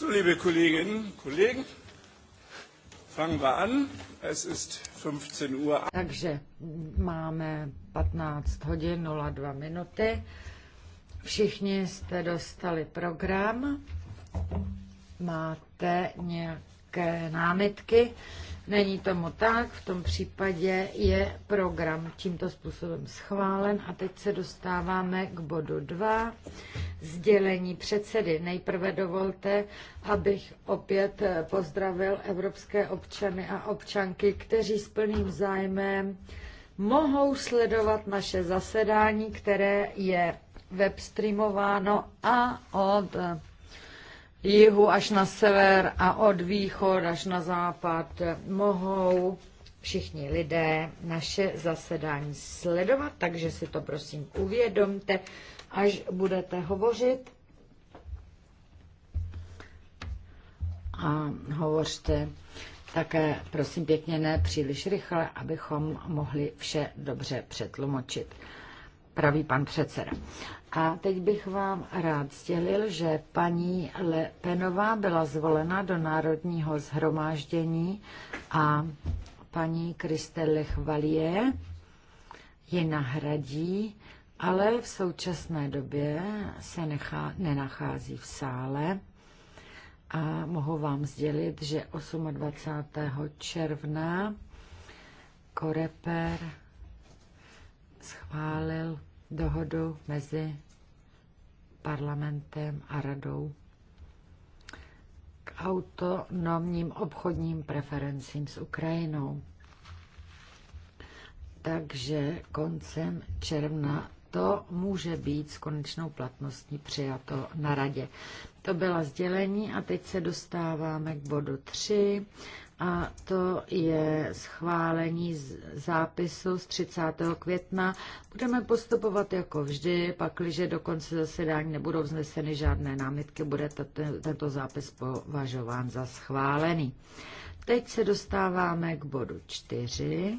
So, liebe Kolleginnen und Kollegen, fangen wir an. Es ist 15 Uhr. Takže máme 15 hodin 02 minuty. Všichni jste dostali program. Máte nějaké námitky? Není tomu tak, v tom případě je program tímto způsobem schválen a teď se dostáváme k bodu 2 sdělení předsedy. Nejprve dovolte, abych opět pozdravil evropské občany a občanky, kteří s plným zájmem mohou sledovat naše zasedání, které je webstreamováno a od jihu až na sever a od východ až na západ mohou všichni lidé naše zasedání sledovat, takže si to prosím uvědomte až budete hovořit. A hovořte také, prosím pěkně, ne příliš rychle, abychom mohli vše dobře přetlumočit Pravý pan předseda. A teď bych vám rád sdělil, že paní Lepenová byla zvolena do Národního zhromáždění a paní Kristelech Valie ji nahradí ale v současné době se nechá, nenachází v sále a mohu vám sdělit, že 28. června Koreper schválil dohodu mezi parlamentem a radou k autonomním obchodním preferencím s Ukrajinou. Takže koncem června to může být s konečnou platností přijato na radě. To byla sdělení a teď se dostáváme k bodu 3 a to je schválení zápisu z 30. května. Budeme postupovat jako vždy, pakliže do konce zasedání nebudou vzneseny žádné námitky, bude tento zápis považován za schválený. Teď se dostáváme k bodu 4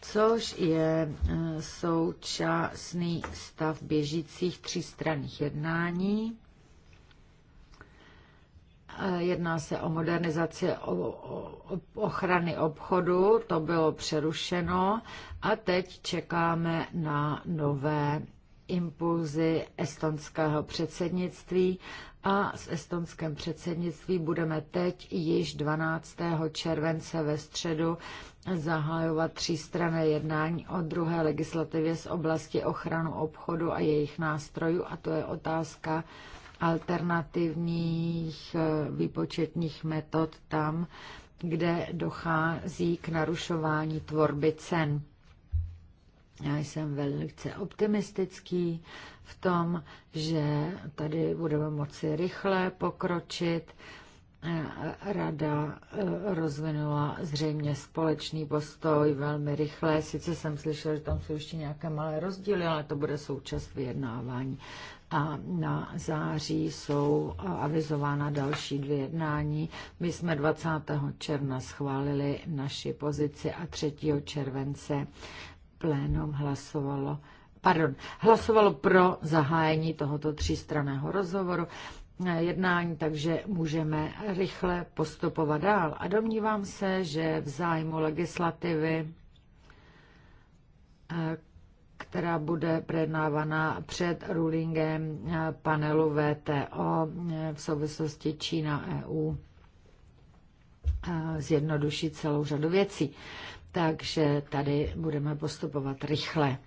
což je eh, současný stav běžících třístranných jednání. Eh, jedná se o modernizaci ochrany obchodu, to bylo přerušeno a teď čekáme na nové impulzy estonského předsednictví a s estonském předsednictví budeme teď již 12. července ve středu zahájovat třístrané jednání o druhé legislativě z oblasti ochranu obchodu a jejich nástrojů, a to je otázka alternativních eh, výpočetních metod tam, kde dochází k narušování tvorby cen. Já jsem velice optimistický v tom, že tady budeme moci rychle pokročit Rada e, rozvinula zřejmě společný postoj velmi rychle. Sice jsem slyšel, že tam jsou ještě nějaké malé rozdíly, ale to bude součást vyjednávání. A na září jsou avizována další dvě jednání. My jsme 20. června schválili naši pozici a 3. července plénum hlasovalo pardon, hlasovalo pro zahájení tohoto třístraného rozhovoru jednání, takže můžeme rychle postupovat dál. A domnívám se, že v zájmu legislativy, eh, která bude projednávaná před rulingem eh, panelu VTO eh, v souvislosti Čína-EU, zjednoduší celou řadu věcí. Takže tady budeme postupovat rychle.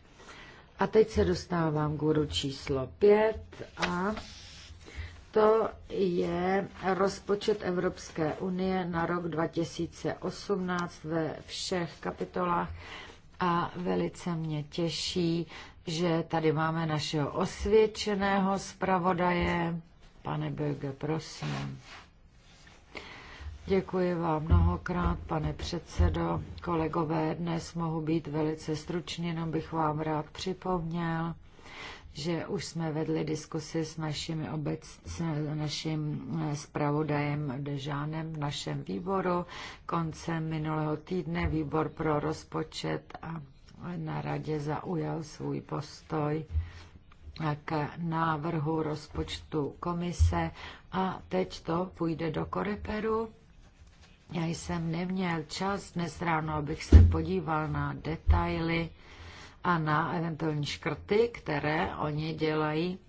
A teď se dostávám k bodu číslo 5 a to je rozpočet Evropské unie na rok 2018 ve všech kapitolách a velice mě těší, že tady máme našeho osvědčeného zpravodaje. Pane Böge, prosím. Děkuji vám mnohokrát, pane předsedo. Kolegové, dnes mohu být velice stručný, jenom bych vám rád připomněl, že už jsme vedli diskusi s, naším obec, s naším eh, zpravodajem Dežánem v našem výboru. Koncem minulého týdne výbor pro rozpočet a na radě zaujal svůj postoj k návrhu rozpočtu komise a teď to půjde do koreperu. Já jsem neměl čas dnes ráno, abych se podíval na detaily a na eventuální škrty, které oni dělají.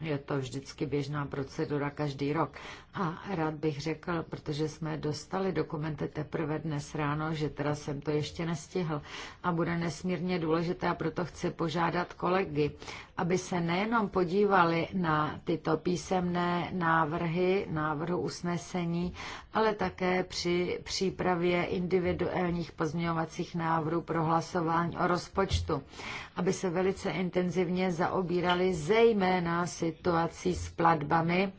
Je to vždycky běžná procedura každý rok. A rád bych řekl, protože jsme dostali dokumenty teprve dnes ráno, že teda jsem to ještě nestihl a bude nesmírně důležité a proto chci požádat kolegy, aby se nejenom podívali na tyto písemné návrhy, návrhu usnesení, ale také při přípravě individuálních pozměňovacích návrhů pro hlasování o rozpočtu, aby se velice intenzivně zaobírali zejména situací s platbami,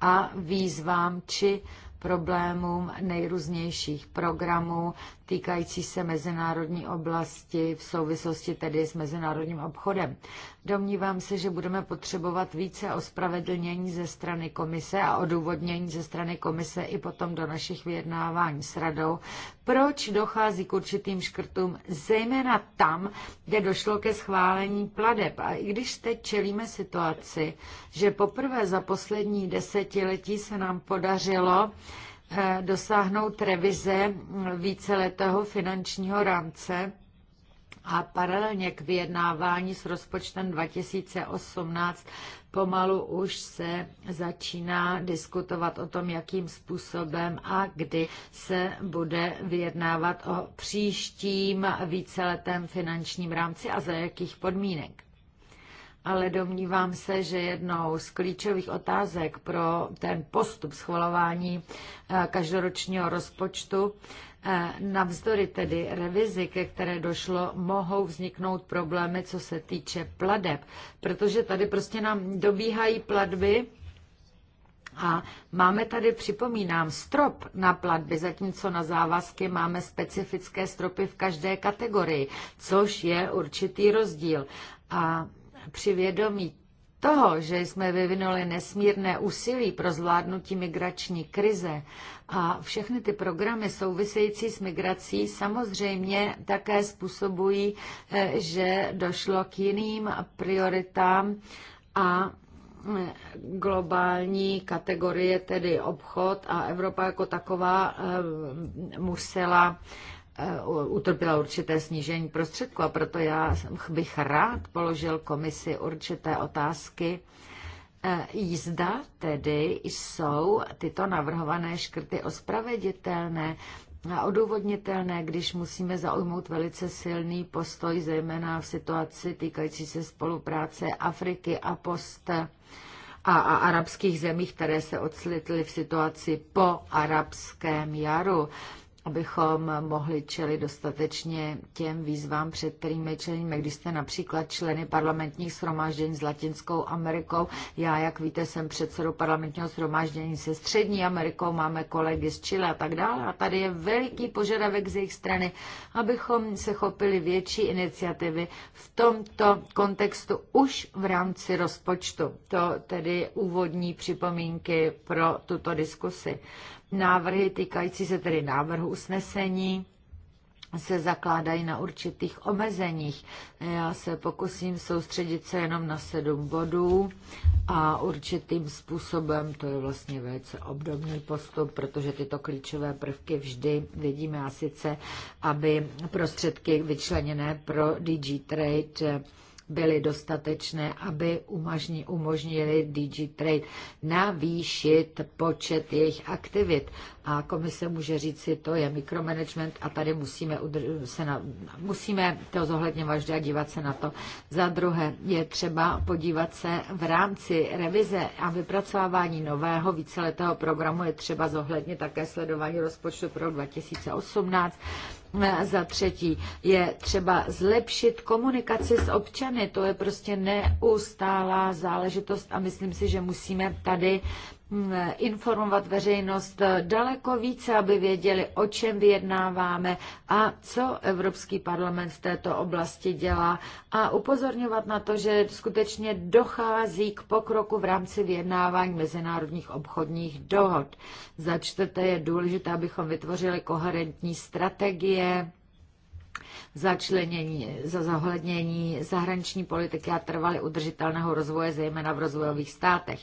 a výzvám či problémům nejrůznějších programů týkající se mezinárodní oblasti v souvislosti tedy s mezinárodním obchodem. Domnívám se, že budeme potřebovat více ospravedlnění ze strany komise a odůvodnění ze strany komise i potom do našich vyjednávání s radou, proč dochází k určitým škrtům, zejména tam, kde došlo ke schválení pladeb. A i když teď čelíme situaci, že poprvé za poslední desetiletí se nám podařilo Eh, dosáhnout revize víceletého finančního rámce a paralelně k vyjednávání s rozpočtem 2018 pomalu už se začíná diskutovat o tom, jakým způsobem a kdy se bude vyjednávat o příštím víceletém finančním rámci a za jakých podmínek ale domnívám se, že jednou z klíčových otázek pro ten postup schvalování eh, každoročního rozpočtu eh, Navzdory tedy revizi, ke které došlo, mohou vzniknout problémy, co se týče pladeb, protože tady prostě nám dobíhají platby a máme tady, připomínám, strop na platby, zatímco na závazky máme specifické stropy v každé kategorii, což je určitý rozdíl. A při vědomí toho, že jsme vyvinuli nesmírné úsilí pro zvládnutí migrační krize a všechny ty programy související s migrací samozřejmě také způsobují, eh, že došlo k jiným prioritám a mm, globální kategorie, tedy obchod a Evropa jako taková eh, musela Eh, utrpěla určité snížení prostředku a proto já bych rád položil komisi určité otázky. Jízda eh, tedy jsou tyto navrhované škrty ospraveditelné a odůvodnitelné, když musíme zaujmout velice silný postoj, zejména v situaci týkající se spolupráce Afriky a post a, a arabských zemí, které se odslitly v situaci po arabském jaru abychom mohli čelit dostatečně těm výzvám, před kterými čelíme. Když jste například členy parlamentních shromáždění s Latinskou Amerikou, já, jak víte, jsem předsedou parlamentního shromáždění se Střední Amerikou, máme kolegy z Chile a tak dále. A tady je veliký požadavek z jejich strany, abychom se chopili větší iniciativy v tomto kontextu už v rámci rozpočtu. To tedy úvodní připomínky pro tuto diskusi. Návrhy týkající se tedy návrhu usnesení se zakládají na určitých omezeních. Já se pokusím soustředit se jenom na sedm bodů a určitým způsobem, to je vlastně velice obdobný postup, protože tyto klíčové prvky vždy vidíme a sice, aby prostředky vyčleněné pro DG Trade byly dostatečné, aby umožni, umožnili DigiTrade navýšit počet jejich aktivit. A komise může říct si, to je mikromanagement a tady musíme, se na, musíme to zohledňovat vždy a dívat se na to. Za druhé je třeba podívat se v rámci revize a vypracovávání nového víceletého programu je třeba zohlednit také sledování rozpočtu pro 2018 za třetí je třeba zlepšit komunikaci s občany. To je prostě neustálá záležitost a myslím si, že musíme tady Eh, informovat veřejnost daleko více, aby věděli, o čem vyjednáváme a co Evropský parlament v této oblasti dělá a upozorňovat na to, že skutečně dochází k pokroku v rámci vyjednávání mezinárodních obchodních dohod. Za čtvrté je důležité, abychom vytvořili koherentní strategie začlenění, za zohlednění zahraniční politiky a trvaly udržitelného rozvoje, zejména v rozvojových státech.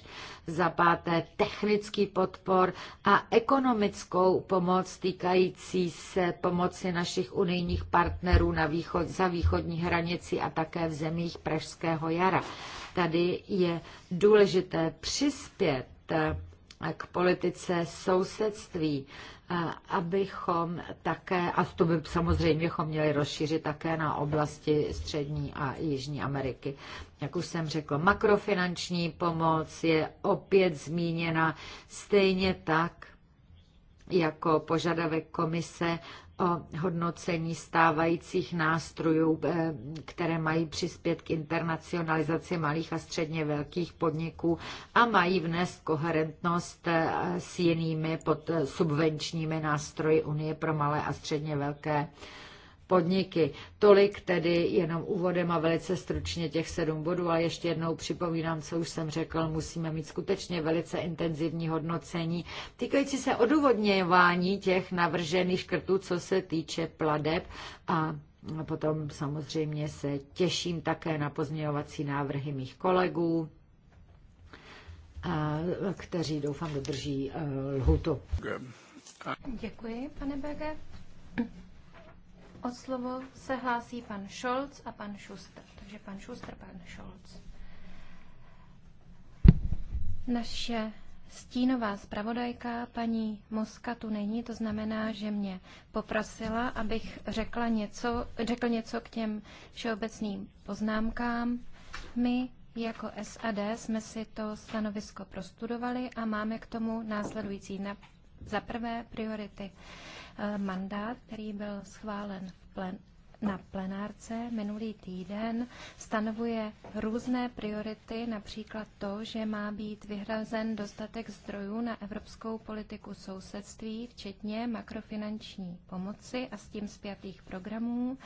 Za páté technický podpor a ekonomickou pomoc týkající se pomoci našich unijních partnerů na východ, za východní hranici a také v zemích Pražského jara. Tady je důležité přispět k politice sousedství abychom také, a to by samozřejmě bychom měli rozšířit také na oblasti Střední a Jižní Ameriky. Jak už jsem řekl, makrofinanční pomoc je opět zmíněna stejně tak, jako požadavek komise o hodnocení stávajících nástrojů, eh, které mají přispět k internacionalizaci malých a středně velkých podniků a mají vnést koherentnost eh, s jinými pod eh, subvenčními nástroji Unie pro malé a středně velké podniky podniky. Tolik tedy jenom úvodem a velice stručně těch sedm bodů, ale ještě jednou připomínám, co už jsem řekl, musíme mít skutečně velice intenzivní hodnocení týkající se odůvodňování těch navržených škrtů, co se týče pladeb a potom samozřejmě se těším také na pozměňovací návrhy mých kolegů, kteří doufám dodrží e, lhutu. Děkuji, pane Berger. O slovo se hlásí pan Scholz a pan Schuster. Takže pan Schuster, pan Scholz. Naše stínová zpravodajka paní Moska tu není, to znamená, že mě poprosila, abych řekla něco, řekl něco k těm všeobecným poznámkám. My jako SAD jsme si to stanovisko prostudovali a máme k tomu následující. Na za prvé priority. Eh, mandát, který byl schválen v plen, na plenárce minulý týden stanovuje různé priority, například to, že má být vyhrazen dostatek zdrojů na evropskou politiku sousedství, včetně makrofinanční pomoci a s tím zpětých programů,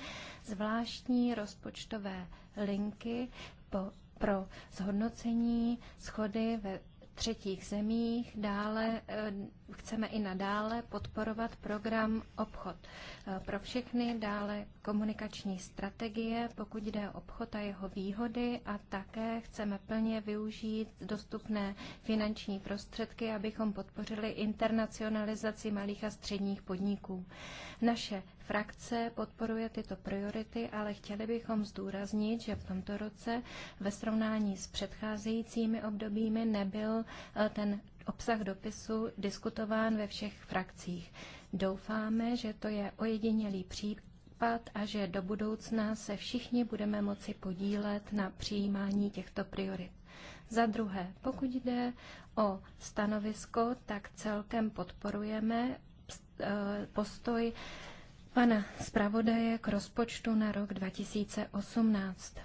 zvláštní rozpočtové linky po, pro zhodnocení schody ve třetích zemích. Dále eh, chceme i nadále podporovat program Obchod eh, pro všechny, dále komunikační strategie, pokud jde o obchod a jeho výhody a také chceme plně využít dostupné finanční prostředky, abychom podpořili internacionalizaci malých a středních podniků. Naše frakce podporuje tyto priority, ale chtěli bychom zdůraznit, že v tomto roce ve srovnání s předcházejícími obdobími nebyl eh, ten obsah dopisu diskutován ve všech frakcích. Doufáme, že to je ojedinělý případ chápat a že do budoucna se všichni budeme moci podílet na přijímání těchto priorit. Za druhé, pokud jde o stanovisko, tak celkem podporujeme eh, postoj pana zpravodaje k rozpočtu na rok 2018.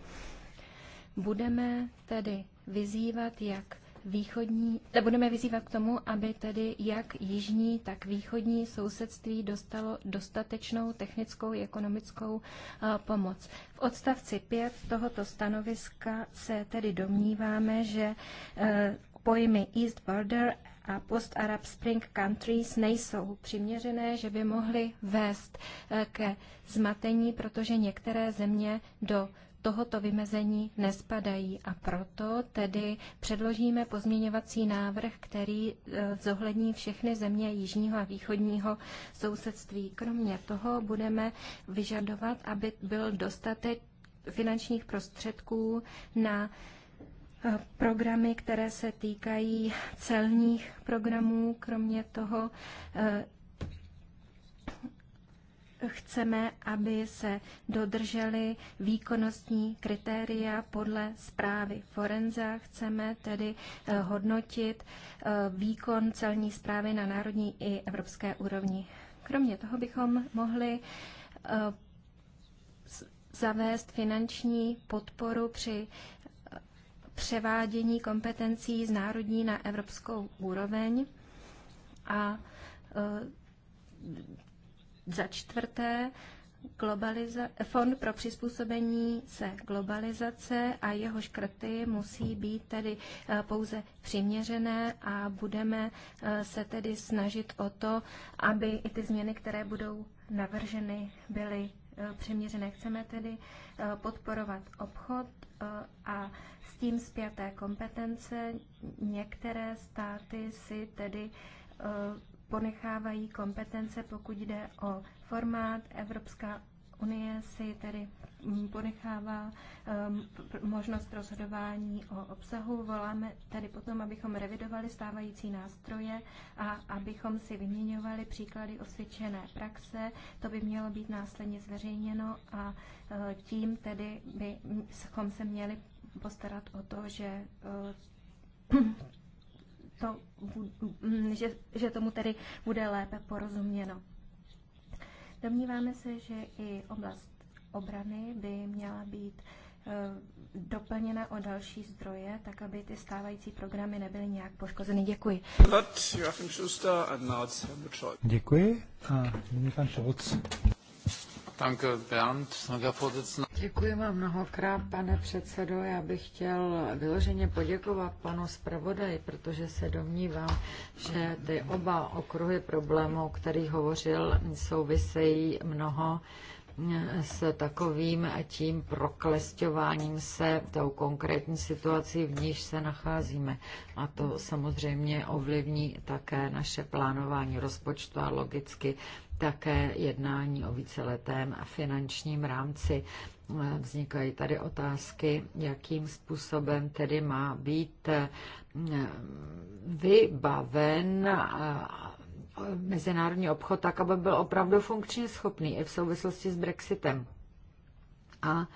Budeme tedy vyzývat jak východní, budeme vyzývat k tomu, aby tedy jak jižní, tak východní sousedství dostalo dostatečnou technickou i ekonomickou eh, pomoc. V odstavci 5 tohoto stanoviska se tedy domníváme, že eh, pojmy East Border a post-Arab Spring countries nejsou přiměřené, že by mohly vést eh, ke zmatení, protože některé země do tohoto vymezení nespadají a proto tedy předložíme pozměňovací návrh, který e, zohlední všechny země jižního a východního sousedství. Kromě toho budeme vyžadovat, aby byl dostatek finančních prostředků na e, programy, které se týkají celních programů. Kromě toho e, chceme, aby se dodržely výkonnostní kritéria podle zprávy Forenza. Chceme tedy eh, hodnotit eh, výkon celní zprávy na národní i evropské úrovni. Kromě toho bychom mohli eh, zavést finanční podporu při převádění kompetencí z národní na evropskou úroveň a za čtvrté, globaliza- Fond pro přizpůsobení se globalizace a jeho škrty musí být tedy eh, pouze přiměřené a budeme eh, se tedy snažit o to, aby i ty změny, které budou navrženy, byly eh, přiměřené. Chceme tedy podporovat obchod a s tím zpěté kompetence. Některé státy si tedy ponechávají kompetence, pokud jde o formát. Evropská unie si tedy mm, ponechává um, možnost rozhodování o obsahu. Voláme tedy potom, abychom revidovali stávající nástroje a abychom si vyměňovali příklady osvědčené praxe. To by mělo být následně zveřejněno a uh, tím tedy bychom se měli postarat o to, že uh, to, mm, že, že tomu tedy bude lépe porozuměno. Domníváme se, že i oblast obrany by měla být eh, doplněna o další zdroje, tak aby ty stávající programy nebyly nějak poškozeny. Děkuji. Děkuji a nyní pan Scholz. Danke, Bernd, Děkuji vám mnohokrát, pane předsedo. Já bych chtěl vyloženě poděkovat panu zpravodaji, protože se domnívám, že ty oba okruhy problémů, o kterých hovořil, souvisejí mnoho s takovým tím proklesťováním se tou konkrétní situací, v níž se nacházíme. A to samozřejmě ovlivní také naše plánování rozpočtu a logicky také jednání o víceletém a finančním rámci. Vznikají tady otázky, jakým způsobem tedy má být vybaven mezinárodní obchod tak, aby byl opravdu funkčně schopný i v souvislosti s Brexitem. A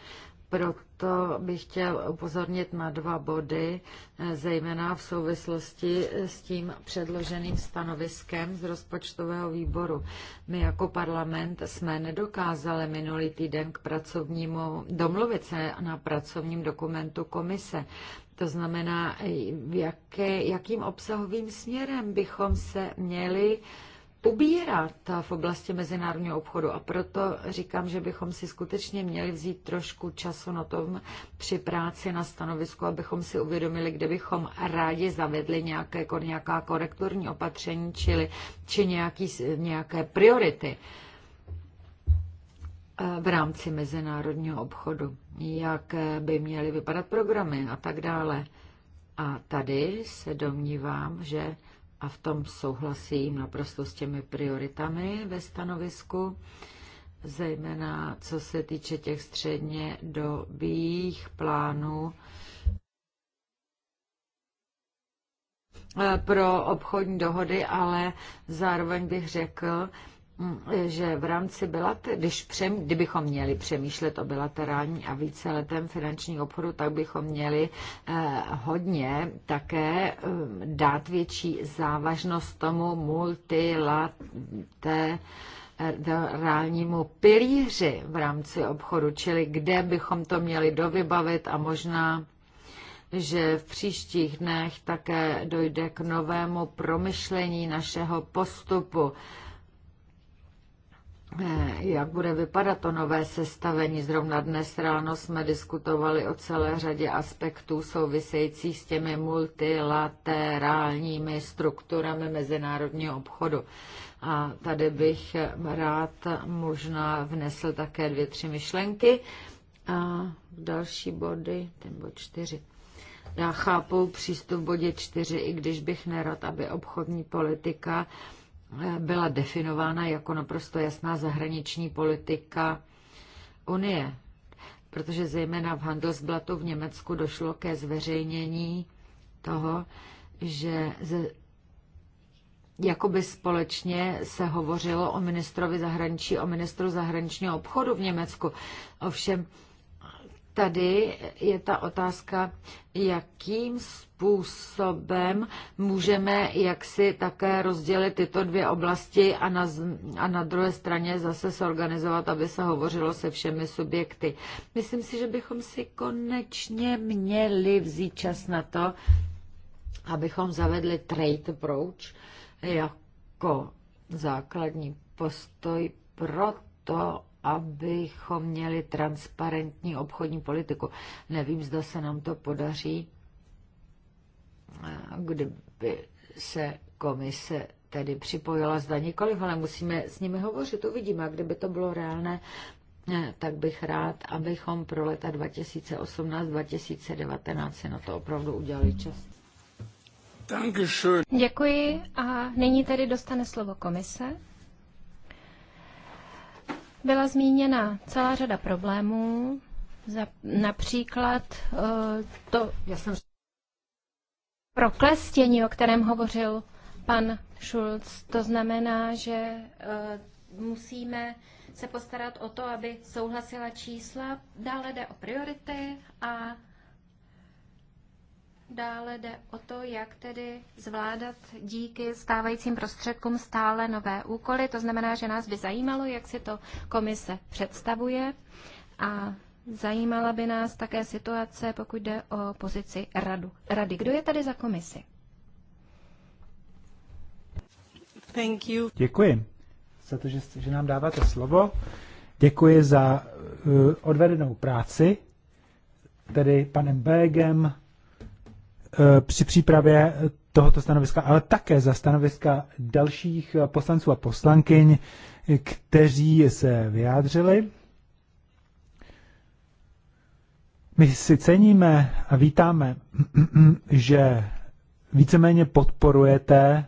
proto bych chtěl upozornit na dva body, eh, zejména v souvislosti s tím předloženým stanoviskem z rozpočtového výboru. My jako parlament jsme nedokázali minulý týden k pracovnímu domluvit se na pracovním dokumentu komise. To znamená, jaké, jakým obsahovým směrem bychom se měli ubírat v oblasti mezinárodního obchodu. A proto říkám, že bychom si skutečně měli vzít trošku času na tom při práci na stanovisku, abychom si uvědomili, kde bychom rádi zavedli nějaké, nějaká korekturní opatření, čili, či nějaký, nějaké priority v rámci mezinárodního obchodu, jak by měly vypadat programy a tak dále. A tady se domnívám, že a v tom souhlasím naprosto s těmi prioritami ve stanovisku, zejména co se týče těch středně dobých plánů eh, pro obchodní dohody, ale zároveň bych řekl, že v rámci bilater, když přem, kdybychom měli přemýšlet o bilaterální a letem finanční obchodu, tak bychom měli eh, hodně také eh, dát větší závažnost tomu multilaterálnímu reálnímu pilíři v rámci obchodu, čili kde bychom to měli dovybavit a možná, že v příštích dnech také dojde k novému promyšlení našeho postupu. Eh, jak bude vypadat to nové sestavení. Zrovna dnes ráno jsme diskutovali o celé řadě aspektů souvisejících s těmi multilaterálními strukturami mezinárodního obchodu. A tady bych rád možná vnesl také dvě, tři myšlenky a další body, ten bod čtyři. Já chápu přístup v bodě čtyři, i když bych nerad, aby obchodní politika byla definována jako naprosto jasná zahraniční politika Unie, protože zejména v Handelsblatu v Německu došlo ke zveřejnění toho, že ze, jakoby společně se hovořilo o ministrovi zahraničí, o ministru zahraničního obchodu v Německu. Ovšem Tady je ta otázka, jakým způsobem můžeme jaksi také rozdělit tyto dvě oblasti a na, a na druhé straně zase sorganizovat, aby se hovořilo se všemi subjekty. Myslím si, že bychom si konečně měli vzít čas na to, abychom zavedli trade approach jako základní postoj pro to, abychom měli transparentní obchodní politiku. Nevím, zda se nám to podaří, kdyby se komise tedy připojila, zda nikoliv, ale musíme s nimi hovořit, uvidíme. A kdyby to bylo reálné, eh, tak bych rád, abychom pro leta 2018-2019 se na to opravdu udělali čas. Děkuji a nyní tedy dostane slovo komise byla zmíněna celá řada problémů, za, například eh, to, já jsem proklestění, o kterém hovořil pan Schulz, to znamená, že eh, musíme se postarat o to, aby souhlasila čísla. Dále jde o priority a Dále jde o to, jak tedy zvládat díky stávajícím prostředkům stále nové úkoly. To znamená, že nás by zajímalo, jak si to komise představuje a zajímala by nás také situace, pokud jde o pozici radu. rady. Kdo je tady za komisi? Thank you. Děkuji za to, že, že nám dáváte slovo. Děkuji za uh, odvedenou práci, tedy panem Bégem, Eh, při přípravě tohoto stanoviska, ale také za stanoviska dalších poslanců a poslankyň, kteří se vyjádřili. My si ceníme a vítáme, že víceméně podporujete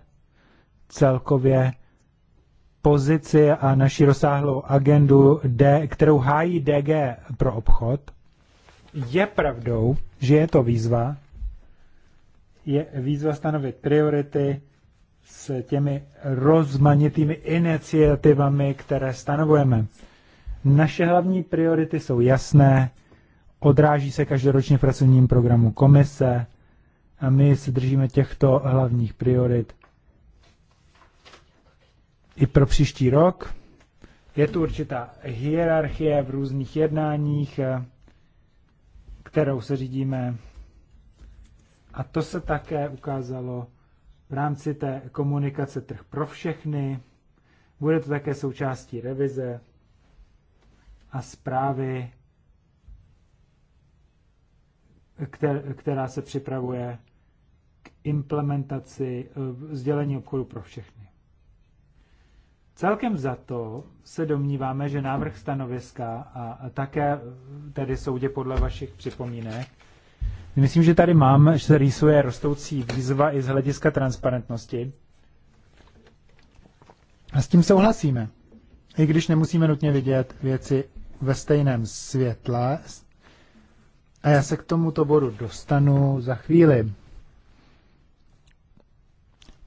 celkově pozici a naši rozsáhlou agendu, D, kterou hájí DG pro obchod. Je pravdou, že je to výzva, je výzva stanovit priority s těmi rozmanitými iniciativami, které stanovujeme. Naše hlavní priority jsou jasné, odráží se každoročně v pracovním programu komise a my se držíme těchto hlavních priorit i pro příští rok. Je tu určitá hierarchie v různých jednáních, kterou se řídíme a to se také ukázalo v rámci té komunikace trh pro všechny. Bude to také součástí revize a zprávy, která se připravuje k implementaci eh, sdělení obchodu pro všechny. Celkem za to se domníváme, že návrh stanoviska a také tedy soudě podle vašich připomínek Myslím, že tady mám, že se rýsuje rostoucí výzva i z hlediska transparentnosti. A s tím souhlasíme. I když nemusíme nutně vidět věci ve stejném světle. A já se k tomuto bodu dostanu za chvíli.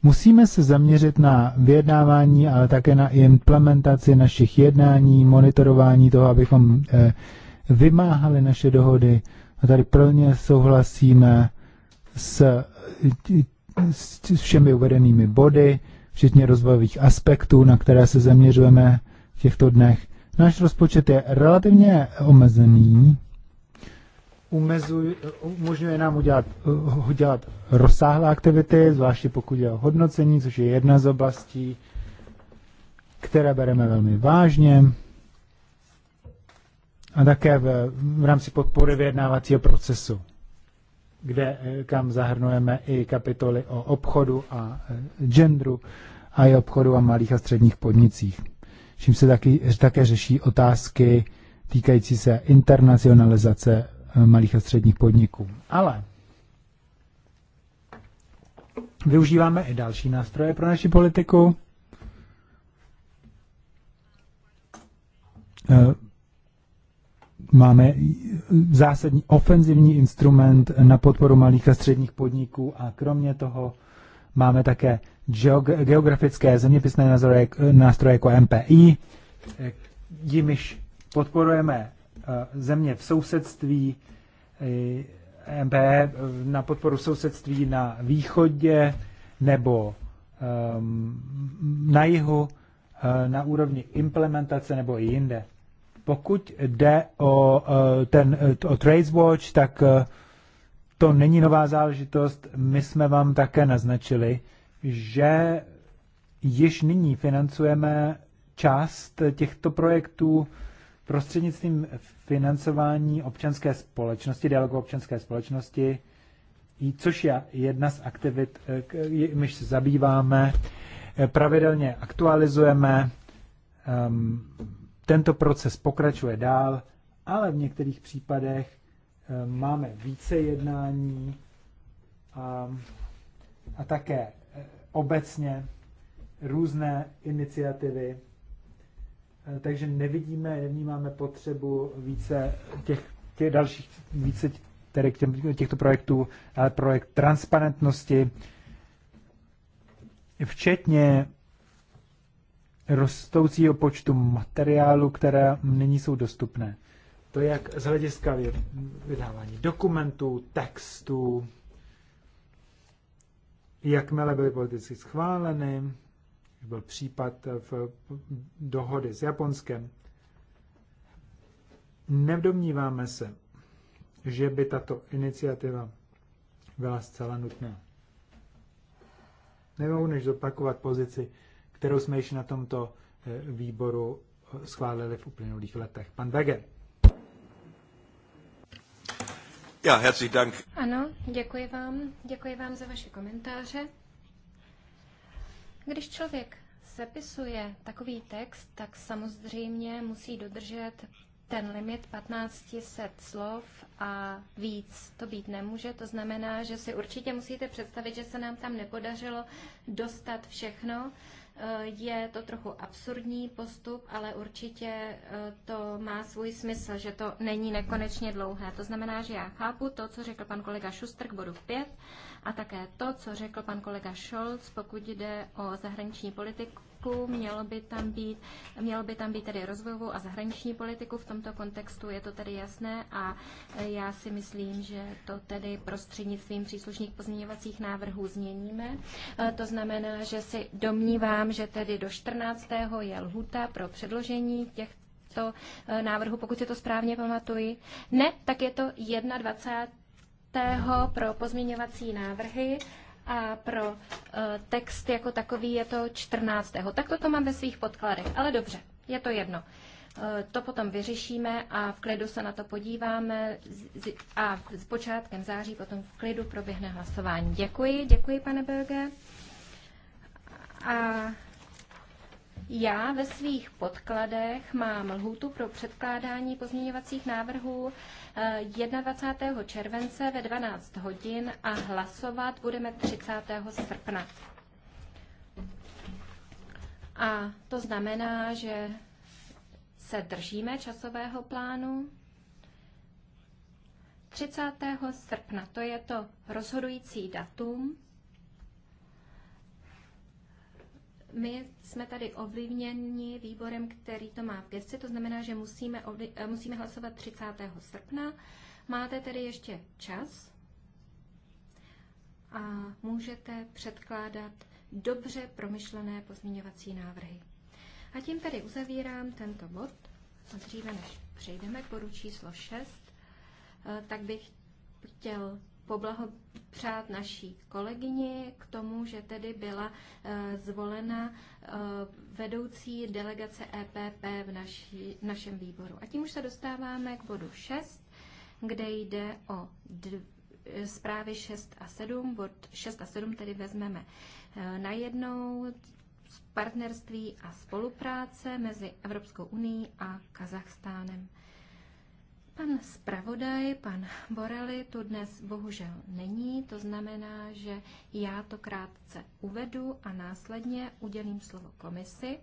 Musíme se zaměřit na vyjednávání, ale také na implementaci našich jednání, monitorování toho, abychom eh, vymáhali naše dohody, a tady plně souhlasíme s, s všemi uvedenými body, včetně rozvojových aspektů, na které se zaměřujeme v těchto dnech. Náš rozpočet je relativně omezený, umezuj, umožňuje nám udělat, udělat rozsáhlé aktivity, zvláště pokud je o hodnocení, což je jedna z oblastí, které bereme velmi vážně a také v, v rámci podpory vyjednávacího procesu, kde eh, kam zahrnujeme i kapitoly o obchodu a eh, genderu a i obchodu a malých a středních podnicích. Čím se taky, také řeší otázky týkající se internacionalizace eh, malých a středních podniků. Ale využíváme i další nástroje pro naši politiku. E máme zásadní ofenzivní instrument na podporu malých a středních podniků a kromě toho máme také geografické zeměpisné nástroje, nástroje jako MPI, jimiž podporujeme eh, země v sousedství, eh, MPE na podporu sousedství na východě nebo ehm, na jihu eh, na úrovni implementace nebo i jinde. Pokud jde o, e, ten, e, o TraceWatch, tak e, to není nová záležitost. My jsme vám také naznačili, že již nyní financujeme část těchto projektů prostřednictvím financování občanské společnosti, dialogu občanské společnosti, což je jedna z aktivit, myž se zabýváme, pravidelně aktualizujeme um, tento proces pokračuje dál, ale v některých případech eh, máme více jednání a, a také eh, obecně různé iniciativy. Eh, takže nevidíme, nevnímáme potřebu více těch, těch dalších, více tedy k těm, těchto projektů, ale projekt transparentnosti, včetně rostoucího počtu materiálu, které nyní jsou dostupné. To je jak z hlediska vydávání dokumentů, textů, jakmile byly politicky schváleny, byl případ v dohody s Japonskem, nedomníváme se, že by tato iniciativa byla zcela nutná. Nemohu než zopakovat pozici kterou jsme již na tomto eh, výboru eh, schválili v uplynulých letech. Pan Bege. Ja, herzlich Dank. Ano, děkuji vám. Děkuji vám za vaše komentáře. Když člověk sepisuje takový text, tak samozřejmě musí dodržet ten limit 1500 slov a víc to být nemůže. To znamená, že si určitě musíte představit, že se nám tam nepodařilo dostat všechno. Eh, je to trochu absurdní postup, ale určitě eh, to má svůj smysl, že to není nekonečně dlouhé. To znamená, že já chápu to, co řekl pan kolega Šuster k bodu 5 a také to, co řekl pan kolega Scholz, pokud jde o zahraniční politiku Turecku, mělo by tam být, mělo by tam být tedy rozvojovou a zahraniční politiku. V tomto kontextu je to tedy jasné a e, já si myslím, že to tedy prostřednictvím příslušných pozměňovacích návrhů změníme. E, to znamená, že si domnívám, že tedy do 14. je lhuta pro předložení těch to e, návrhu, pokud si to správně pamatuji. Ne, tak je to 21. pro pozměňovací návrhy a pro e, text jako takový je to 14. Tak to, to mám ve svých podkladech, ale dobře, je to jedno. E, to potom vyřešíme a v klidu se na to podíváme a s počátkem září potom v klidu proběhne hlasování. Děkuji, děkuji pane Belge. A já ve svých podkladech mám lhůtu pro předkládání pozměňovacích návrhů eh, 21. července ve 12 hodin a hlasovat budeme 30. srpna. A to znamená, že se držíme časového plánu. 30. srpna, to je to rozhodující datum. my jsme tady ovlivněni výborem, který to má v gesci, to znamená, že musíme, ovli- eh, musíme hlasovat 30. srpna. Máte tedy ještě čas a můžete předkládat dobře promyšlené pozměňovací návrhy. A tím tedy uzavírám tento bod. A dříve než přejdeme k bodu číslo 6, eh, tak bych chtěl poblahopřát naší kolegyni k tomu, že tedy byla eh, zvolena eh, vedoucí delegace EPP v, naši, v našem výboru. A tím už se dostáváme k bodu 6, kde jde o dv, eh, zprávy 6 a 7. Bod 6 a 7 tedy vezmeme najednou partnerství a spolupráce mezi Evropskou unii a Kazachstánem. Pan zpravodaj, pan Borely, tu dnes bohužel není, to znamená, že já to krátce uvedu a následně udělím slovo komisi.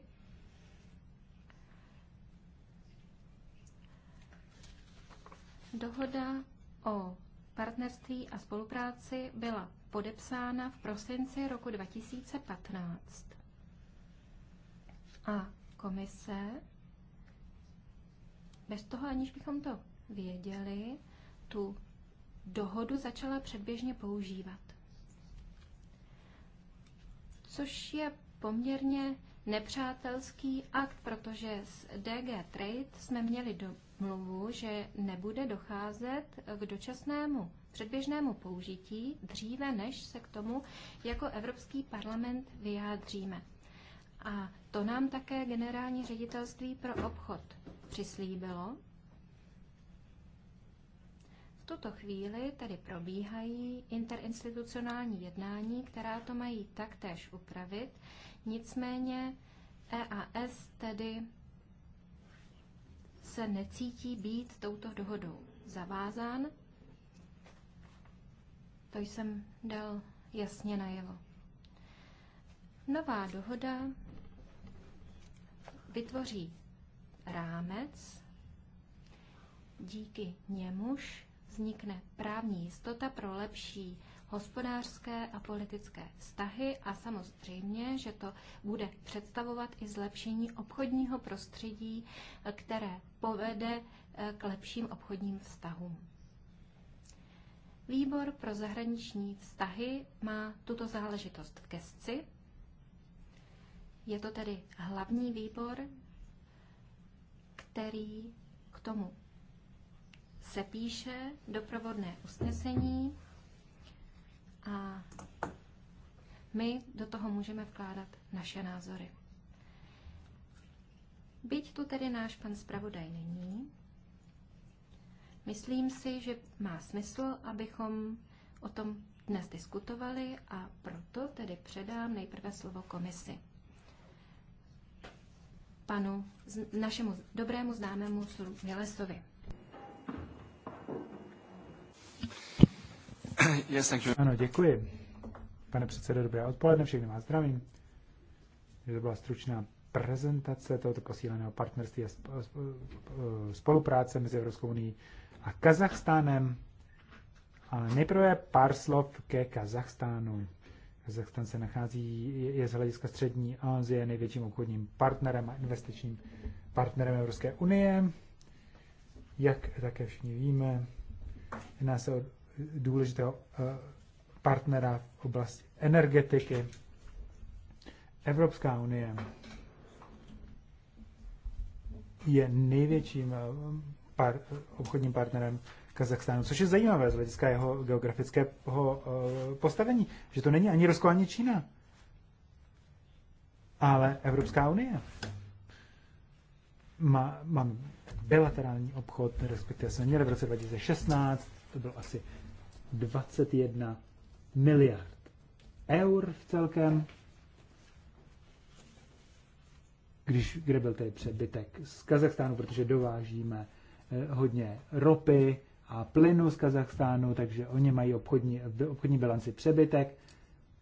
Dohoda o partnerství a spolupráci byla podepsána v prosinci roku 2015. A komise bez toho, aniž bychom to věděli, tu dohodu začala předběžně používat. Což je poměrně nepřátelský akt, protože s DG Trade jsme měli domluvu, že nebude docházet k dočasnému předběžnému použití dříve, než se k tomu jako Evropský parlament vyjádříme. A to nám také generální ředitelství pro obchod přislíbilo tuto chvíli tedy probíhají interinstitucionální jednání, která to mají taktéž upravit. Nicméně EAS tedy se necítí být touto dohodou zavázán. To jsem dal jasně najevo. Nová dohoda vytvoří rámec, díky němuž vznikne právní jistota pro lepší hospodářské a politické vztahy a samozřejmě, že to bude představovat i zlepšení obchodního prostředí, které povede eh, k lepším obchodním vztahům. Výbor pro zahraniční vztahy má tuto záležitost v gesci. Je to tedy hlavní výbor, který k tomu se píše doprovodné usnesení a my do toho můžeme vkládat naše názory. Byť tu tedy náš pan zpravodaj není, myslím si, že má smysl, abychom o tom dnes diskutovali a proto tedy předám nejprve slovo komisi. Panu, našemu dobrému známému Milesovi. Yes, thank you. Ano, děkuji. Pane předsedo, dobré odpoledne, všechny vás zdravím. To byla stručná prezentace tohoto posíleného partnerství a eh, spolupráce mezi Evropskou unii a Kazachstánem. Ale nejprve pár slov ke Kazachstánu. Kazachstán se nachází, je z hlediska střední Asie největším obchodním partnerem a investičním partnerem Evropské unie. Jak také všichni víme, jedná se o důležitého eh, partnera v oblasti energetiky. Evropská unie je největším eh, par, obchodním partnerem Kazachstánu, což je zajímavé z hlediska jeho geografického eh, postavení, že to není ani Rusko, ani Čína, ale Evropská unie. Má, mám bilaterální obchod, respektive jsme měli v roce 2016, to byl asi 21 miliard eur v celkem, když, kde byl tady přebytek z Kazachstánu, protože dovážíme eh, hodně ropy a plynu z Kazachstánu, takže oni mají obchodní, obchodní bilanci přebytek.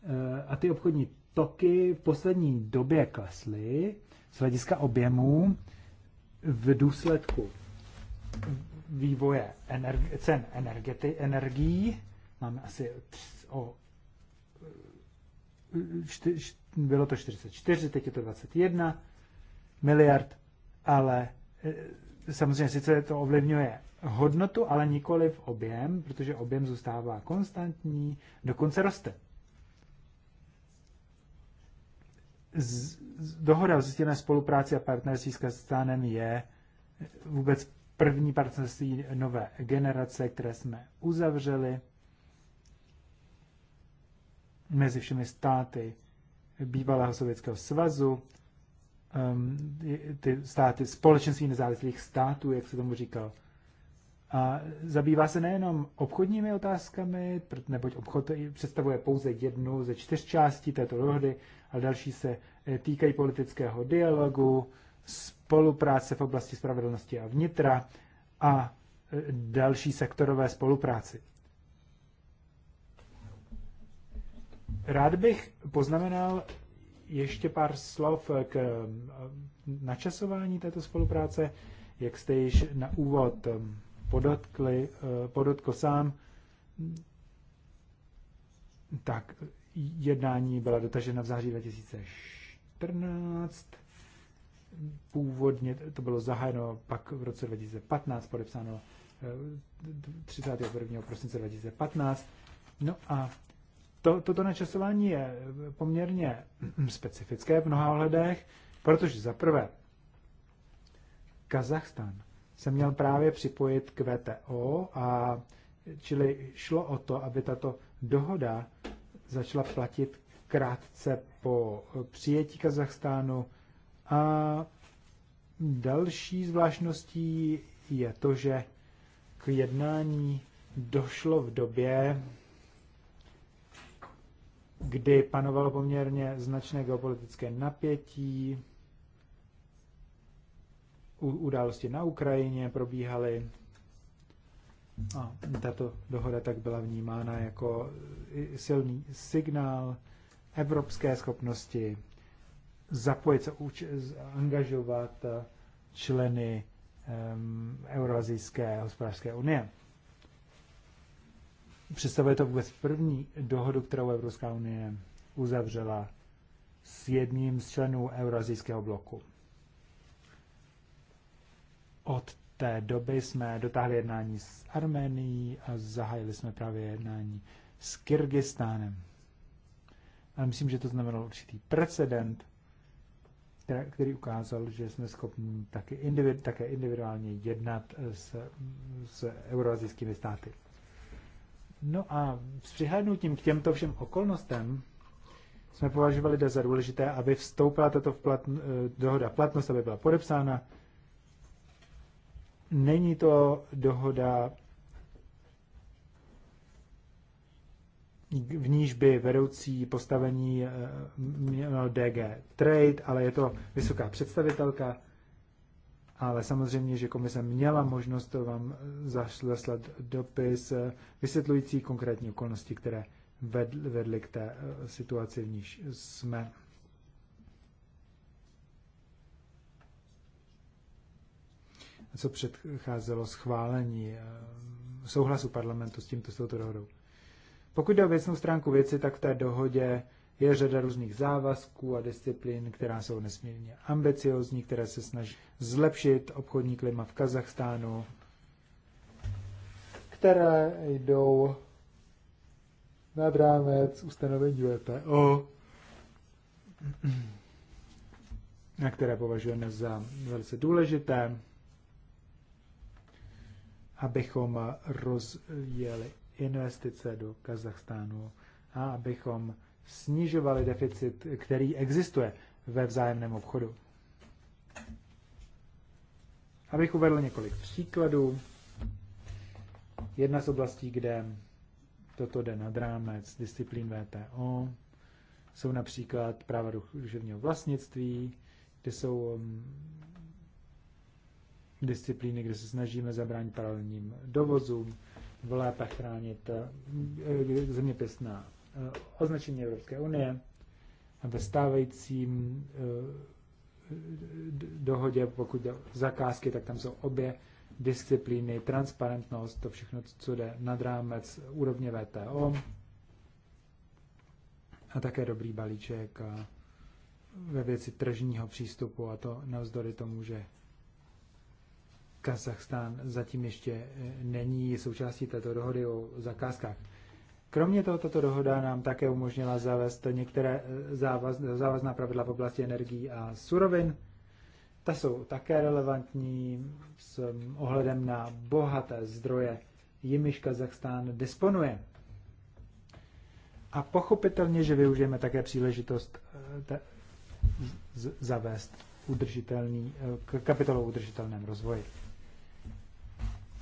Eh, a ty obchodní toky v poslední době klesly z hlediska objemů v důsledku vývoje energi- cen energety, energií. Máme asi o e, čty, bylo to 44, teď je to 21 miliard, ale e, samozřejmě sice to ovlivňuje hodnotu, ale nikoli v objem, protože objem zůstává konstantní, dokonce roste. Z, z, dohoda o zjistěné spolupráci a partnerství s Kazachstánem je vůbec první partnerství nové generace, které jsme uzavřeli mezi všemi státy bývalého Sovětského svazu, ehm, ty státy, společenství nezávislých států, jak se tomu říkal. A zabývá se nejenom obchodními otázkami, neboť obchod představuje pouze jednu ze čtyř částí této dohody, ale další se e, týkají politického dialogu, spolupráce v oblasti spravedlnosti a vnitra a e, další sektorové spolupráci. Rád bych poznamenal ještě pár slov k e, načasování této spolupráce. Jak jste již na úvod e, podotkli, podotkl sám, tak jednání byla dotažena v září 2014 původně to bylo zahájeno pak v roce 2015, podepsáno 31. Eh, prosince 2015. No a to, toto načasování je poměrně specifické v mnoha ohledech, protože za prvé Kazachstan se měl právě připojit k VTO, a čili šlo o to, aby tato dohoda začala platit krátce po přijetí Kazachstánu a další zvláštností je to, že k jednání došlo v době, kdy panovalo poměrně značné geopolitické napětí, události na Ukrajině probíhaly a tato dohoda tak byla vnímána jako silný signál evropské schopnosti zapojit se, angažovat eh, členy um, Eurazijské hospodářské unie. Představuje to vůbec první dohodu, kterou Evropská unie uzavřela s jedním z členů Eurazijského bloku. Od té doby jsme dotáhli jednání s Arménií a zahájili jsme právě jednání s Kyrgyzstánem. Ale myslím, že to znamenalo určitý precedent který ukázal, že jsme schopni také, individu, také individuálně jednat s, s euroazijskými státy. No a s přihlédnutím k těmto všem okolnostem jsme považovali za důležité, aby vstoupila tato platn, eh, dohoda platnost, aby byla podepsána. Není to dohoda v níž by vedoucí postavení eh, měl DG Trade, ale je to vysoká představitelka, ale samozřejmě, že komise měla možnost vám eh, zaslat dopis eh, vysvětlující konkrétní okolnosti, které vedly k té situaci, v níž jsme. Co předcházelo schválení souhlasu parlamentu s tímto s touto dohodou? Pokud jde o věcnou stránku věci, tak v té dohodě je řada různých závazků a disciplín, která jsou nesmírně ambiciozní, které se snaží zlepšit obchodní klima v Kazachstánu, které jdou nad rámec ustanovení VPO, a které považujeme za velice důležité, abychom rozjeli investice do Kazachstánu a abychom snižovali deficit, který existuje ve vzájemném obchodu. Abych uvedl několik příkladů. Jedna z oblastí, kde toto jde nad rámec disciplín VTO, jsou například práva duševního vlastnictví, kde jsou um, disciplíny, kde se snažíme zabránit paralelním dovozům, lépe chránit eh, eh, zeměpisná eh, označení Evropské unie ve stávajícím dohodě, pokud jde zakázky, tak tam jsou obě disciplíny, transparentnost, to všechno, co jde nad rámec úrovně VTO a také dobrý balíček ve věci tržního přístupu a to navzdory tomu, že Kazachstán zatím ještě eh, není součástí této dohody o zakázkách. Kromě toho, tato dohoda nám také umožnila zavést některé eh, závaz, závazná pravidla v oblasti energií a surovin. Ta jsou také relevantní s mm, ohledem na bohaté zdroje, jimiž Kazachstán disponuje. A pochopitelně, že využijeme také příležitost eh, zavést udržitelný, kapitolou o udržitelném rozvoji.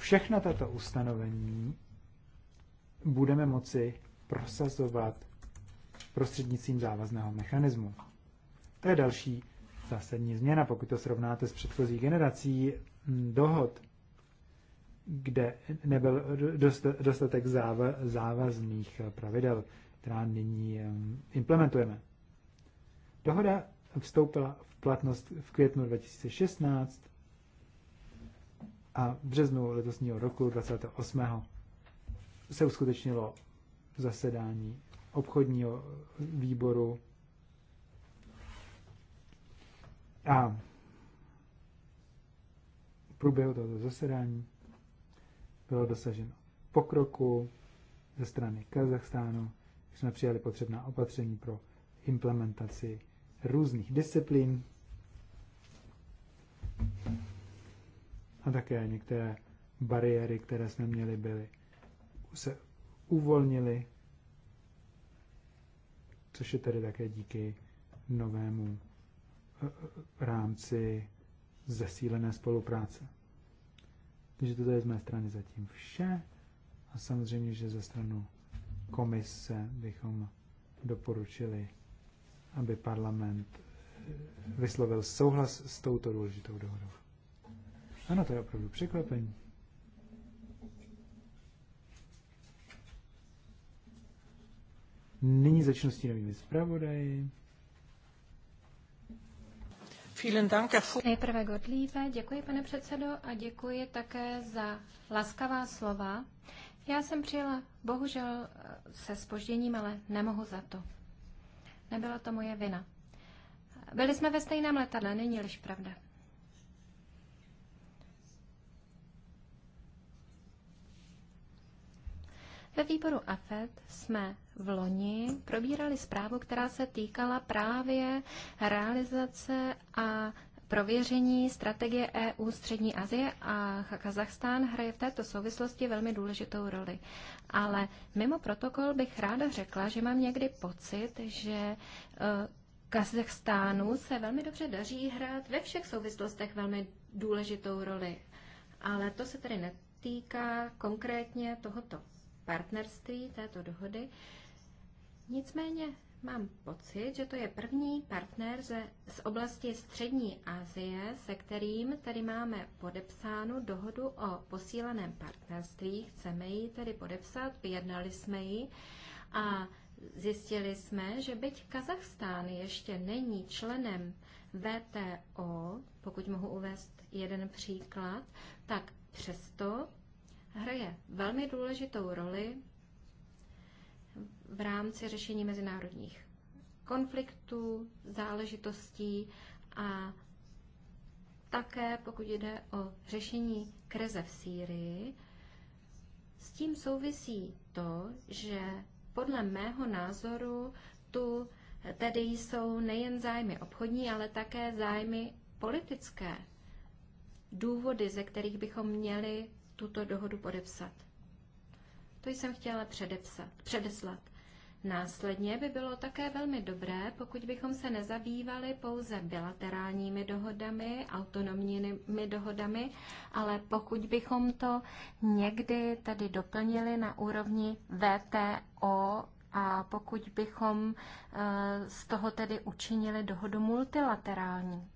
Všechna tato ustanovení budeme moci prosazovat prostřednictvím závazného mechanismu. To je další zásadní změna, pokud to srovnáte s předchozí generací dohod, kde nebyl dostatek závazných pravidel, která nyní implementujeme. Dohoda vstoupila v platnost v květnu 2016 a v březnu letosního roku 28. se uskutečnilo zasedání obchodního výboru a v průběhu tohoto zasedání bylo dosaženo pokroku ze strany Kazachstánu, jsme přijali potřebná opatření pro implementaci různých disciplín a také některé bariéry, které jsme měli, byly, se uvolnily, což je tedy také díky novému eh, eh, rámci zesílené spolupráce. Takže toto je z mé strany zatím vše a samozřejmě, že ze stranu komise bychom doporučili, aby parlament eh, vyslovil souhlas s touto důležitou dohodou. Ano, to je opravdu překvapení. Nyní začnu s tím zpravodaji. Nejprve Godlíbe, děkuji pane předsedo a děkuji také za laskavá slova. Já jsem přijela bohužel eh, se spožděním, ale nemohu za to. Nebyla to moje vina. Byli jsme ve stejném letadle, není liž pravda. Ve výboru AFED jsme v loni probírali zprávu, která se týkala právě realizace a prověření strategie EU Střední Asie a Kazachstán hraje v této souvislosti velmi důležitou roli. Ale mimo protokol bych ráda řekla, že mám někdy pocit, že e, Kazachstánu se velmi dobře daří hrát ve všech souvislostech velmi důležitou roli. Ale to se tedy netýká konkrétně tohoto partnerství této dohody. Nicméně mám pocit, že to je první partner ze, z oblasti Střední Asie, se kterým tady máme podepsánu dohodu o posíleném partnerství. Chceme ji tedy podepsat, vyjednali jsme ji a zjistili jsme, že byť Kazachstán ještě není členem VTO, pokud mohu uvést jeden příklad, tak přesto hraje velmi důležitou roli v rámci řešení mezinárodních konfliktů, záležitostí a také pokud jde o řešení krize v Sýrii, s tím souvisí to, že podle mého názoru tu tedy jsou nejen zájmy obchodní, ale také zájmy politické. Důvody, ze kterých bychom měli tuto dohodu podepsat. To jsem chtěla předepsat, předeslat. Následně by bylo také velmi dobré, pokud bychom se nezabývali pouze bilaterálními dohodami, autonomními dohodami, ale pokud bychom to někdy tedy doplnili na úrovni VTO a pokud bychom eh, z toho tedy učinili dohodu multilaterální.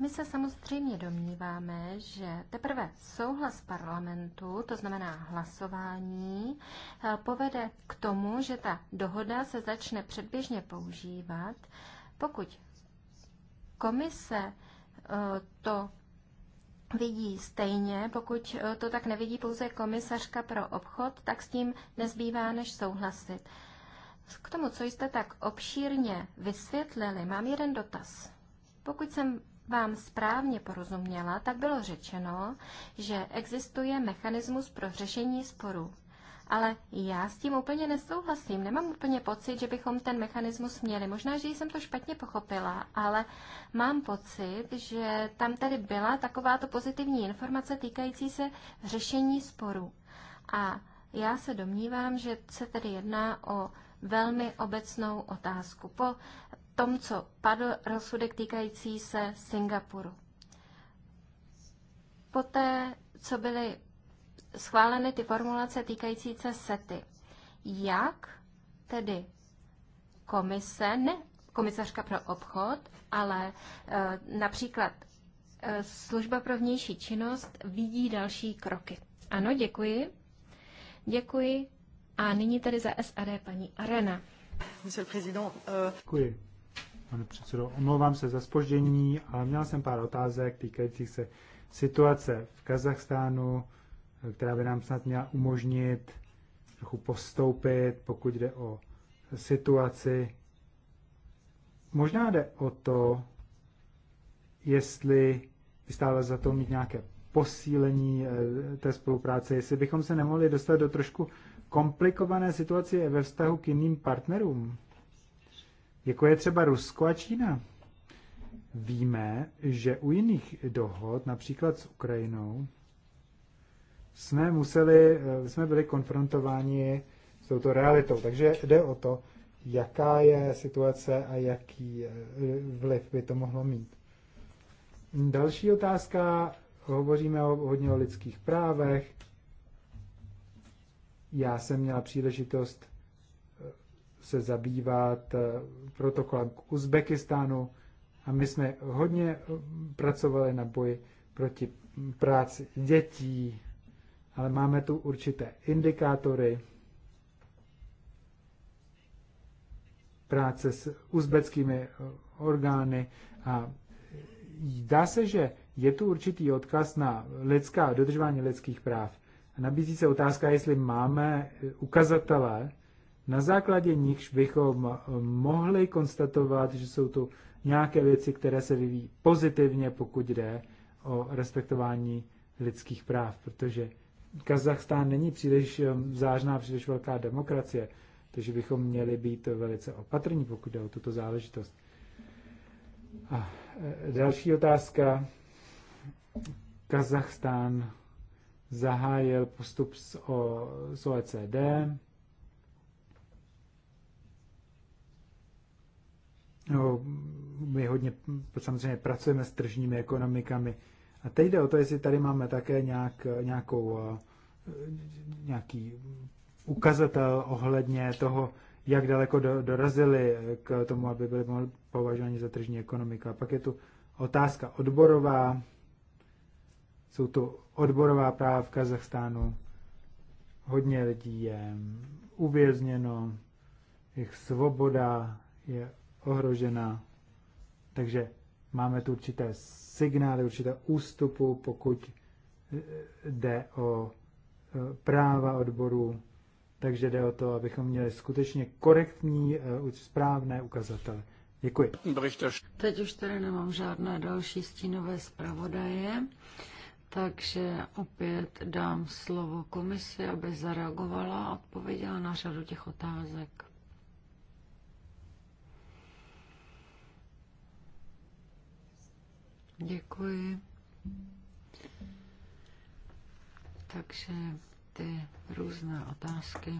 My se samozřejmě domníváme, že teprve souhlas parlamentu, to znamená hlasování, eh, povede k tomu, že ta dohoda se začne předběžně používat, pokud komise eh, to vidí stejně, pokud eh, to tak nevidí pouze komisařka pro obchod, tak s tím nezbývá než souhlasit. K tomu, co jste tak obšírně vysvětlili, mám jeden dotaz. Pokud jsem vám správně porozuměla, tak bylo řečeno, že existuje mechanismus pro řešení sporů. Ale já s tím úplně nesouhlasím. Nemám úplně pocit, že bychom ten mechanismus měli. Možná, že jsem to špatně pochopila, ale mám pocit, že tam tady byla takováto pozitivní informace týkající se řešení sporů. A já se domnívám, že se tedy jedná o velmi obecnou otázku. Po tom, co padl rozsudek týkající se Singapuru. Poté, co byly schváleny ty formulace týkající se SETI, jak tedy komise, ne komisařka pro obchod, ale e, například e, služba pro vnější činnost vidí další kroky. Ano, děkuji. Děkuji. A nyní tady za SAD paní Arena. Euh, děkuji. Pane předsedo, omlouvám se za spoždění, ale měl jsem pár otázek týkajících se situace v Kazachstánu, která by nám snad měla umožnit trochu postoupit, pokud jde o situaci. Možná jde o to, jestli by stále za to mít nějaké posílení eh, té spolupráce, jestli bychom se nemohli dostat do trošku komplikované situace ve vztahu k jiným partnerům jako je třeba Rusko a Čína. Víme, že u jiných dohod, například s Ukrajinou, jsme museli, eh, jsme byli konfrontováni s touto realitou. Takže jde o to, jaká je situace a jaký eh, vliv by to mohlo mít. Další otázka, hovoříme o, hodně o lidských právech. Já jsem měla příležitost se zabývat eh, protokolem k Uzbekistánu a my jsme hodně eh, pracovali na boji proti hm, práci dětí, ale máme tu určité indikátory práce s uzbeckými eh, orgány a dá se, že je tu určitý odkaz na lidská, dodržování lidských práv. Nabízí se otázka, jestli máme ukazatele, na základě nichž bychom eh, mohli konstatovat, že jsou tu nějaké věci, které se vyvíjí pozitivně, pokud jde o respektování lidských práv, protože Kazachstán není příliš eh, zážná, příliš velká demokracie, takže bychom měli být velice opatrní, pokud jde o tuto záležitost. A eh, další otázka. Kazachstán zahájil postup s OECD No, my hodně samozřejmě pracujeme s tržními ekonomikami. A teď jde o to, jestli tady máme také nějak, nějakou, eh, nějaký ukazatel ohledně toho, jak daleko do, dorazili eh, k tomu, aby byli považováni za tržní ekonomika. Pak je tu otázka odborová. Jsou tu odborová práva v Kazachstánu. Hodně lidí je uvězněno, jejich svoboda je ohrožená. Takže máme tu určité signály, určité ústupu, pokud eh, jde o eh, práva odboru, takže jde o to, abychom měli skutečně korektní, eh, správné ukazatele. Děkuji. Teď už tady nemám žádné další stínové zpravodaje, takže opět dám slovo komisi, aby zareagovala a odpověděla na řadu těch otázek. Děkuji. Takže ty různé otázky.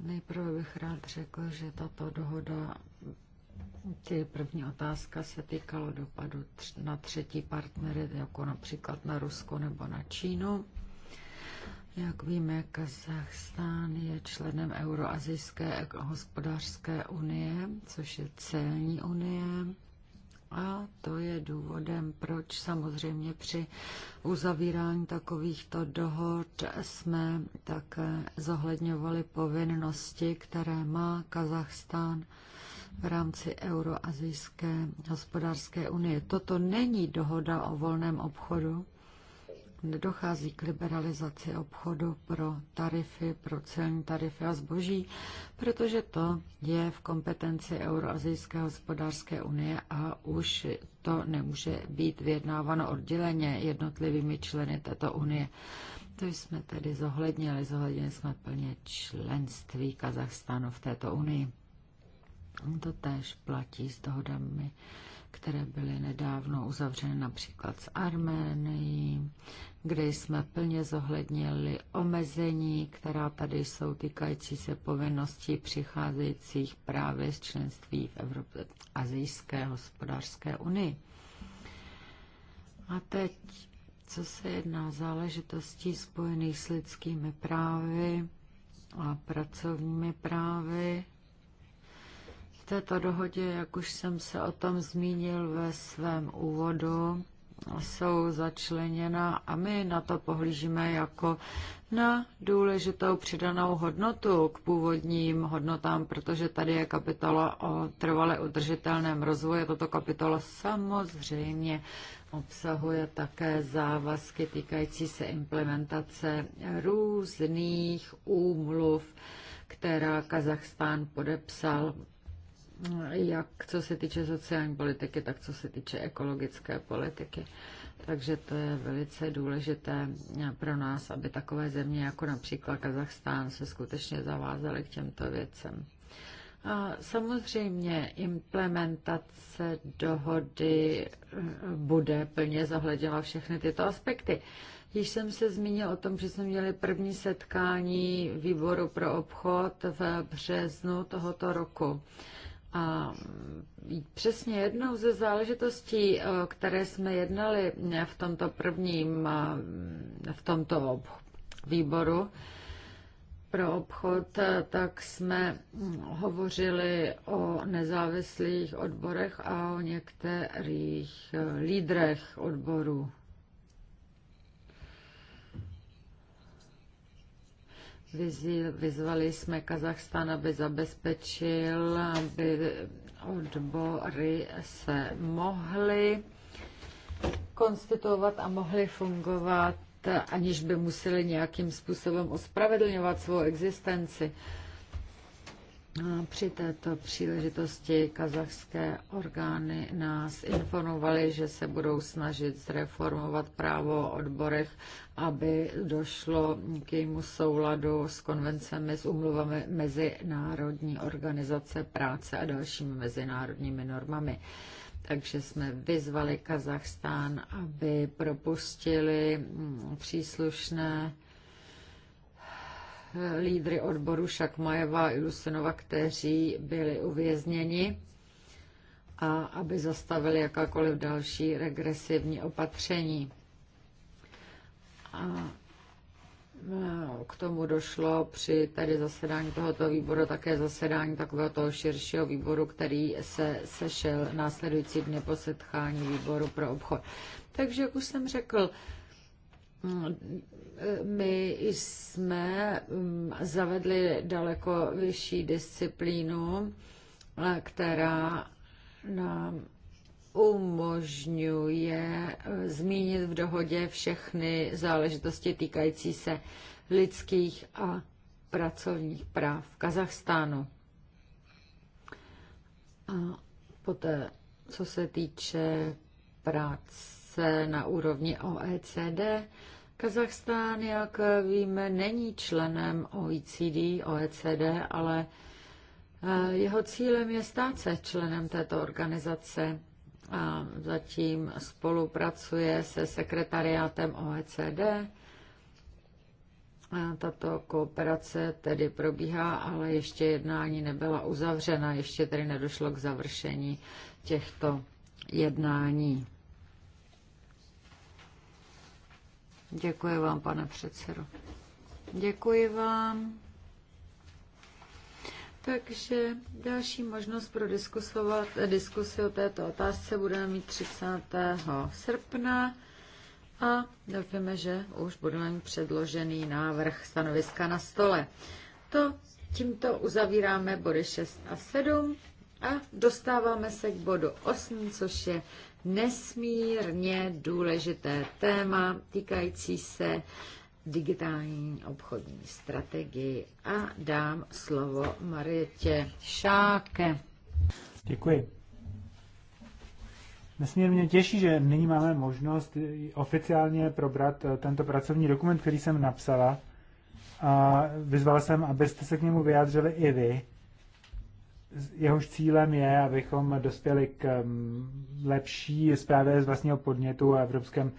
Nejprve bych rád řekl, že tato dohoda, ty první otázka se týkala dopadu na třetí partnery, jako například na Rusko nebo na Čínu. Jak víme, Kazachstán je členem Euroazijské hospodářské unie, což je celní unie a to je důvodem, proč samozřejmě při uzavírání takovýchto dohod jsme také zohledňovali povinnosti, které má Kazachstán v rámci Euroazijské hospodářské unie. Toto není dohoda o volném obchodu, nedochází k liberalizaci obchodu pro tarify, pro celní tarify a zboží, protože to je v kompetenci Euroazijské hospodářské unie a už to nemůže být vyjednáváno odděleně jednotlivými členy této unie. To jsme tedy zohlednili, zohlednili jsme plně členství Kazachstánu v této unii. To též platí s dohodami které byly nedávno uzavřeny například s Arménií, kde jsme plně zohlednili omezení, která tady jsou týkající se povinností přicházejících právě z členství v Evropě, Azijské hospodářské unii. A teď, co se jedná záležitosti spojených s lidskými právy a pracovními právy, této dohodě, jak už jsem se o tom zmínil ve svém úvodu, jsou začleněna a my na to pohlížíme jako na důležitou přidanou hodnotu k původním hodnotám, protože tady je kapitola o trvale udržitelném rozvoji. Toto kapitola samozřejmě obsahuje také závazky týkající se implementace různých úmluv, která Kazachstán podepsal jak co se týče sociální politiky, tak co se týče ekologické politiky. Takže to je velice důležité pro nás, aby takové země jako například Kazachstán se skutečně zavázaly k těmto věcem. A samozřejmě implementace dohody eh, bude plně zohledňovat všechny tyto aspekty. Již jsem se zmínil o tom, že jsme měli první setkání výboru pro obchod v březnu tohoto roku. A přesně jednou ze záležitostí, eh, které jsme jednali v tomto prvním, eh, v tomto výboru pro obchod, eh, tak jsme hovořili o nezávislých odborech a o některých lídrech odborů. Vyzvali jsme Kazachstán, aby zabezpečil, aby odbory se mohly konstituovat a mohly fungovat, aniž by museli nějakým způsobem ospravedlňovat svou existenci. Při této příležitosti kazachské orgány nás informovaly, že se budou snažit zreformovat právo o odborech, aby došlo k jejímu souladu s konvencemi, s umluvami Mezinárodní organizace práce a dalšími mezinárodními normami. Takže jsme vyzvali Kazachstán, aby propustili mm, příslušné lídry odboru Šakmajeva a Ilusinova, kteří byli uvězněni a aby zastavili jakákoliv další regresivní opatření. A k tomu došlo při tady zasedání tohoto výboru, také zasedání takového toho širšího výboru, který se sešel následující dny po setkání výboru pro obchod. Takže, jak už jsem řekl, my jsme mm, zavedli daleko vyšší disciplínu, eh, která nám umožňuje eh, zmínit v dohodě všechny záležitosti týkající se lidských a pracovních práv v Kazachstánu. A poté, co se týče práce na úrovni OECD, Kazachstán, jak víme, není členem OECD, OECD, ale eh, jeho cílem je stát se členem této organizace a zatím spolupracuje se sekretariátem OECD. A tato kooperace tedy probíhá, ale ještě jednání nebyla uzavřena, ještě tedy nedošlo k završení těchto jednání. Děkuji vám, pane předsedo. Děkuji vám. Takže další možnost pro diskusovat, eh, diskusi o této otázce budeme mít 30. srpna a doufáme, že už budeme mít předložený návrh stanoviska na stole. To tímto uzavíráme body 6 a 7 a dostáváme se k bodu 8, což je nesmírně důležité téma týkající se digitální obchodní strategii a dám slovo Marietě Šáke. Děkuji. Nesmírně těší, že nyní máme možnost oficiálně probrat eh, tento pracovní dokument, který jsem napsala. A vyzval jsem, abyste se k němu vyjádřili i vy jehož cílem je, abychom dospěli k mm, lepší zprávě z vlastního podnětu a evropském,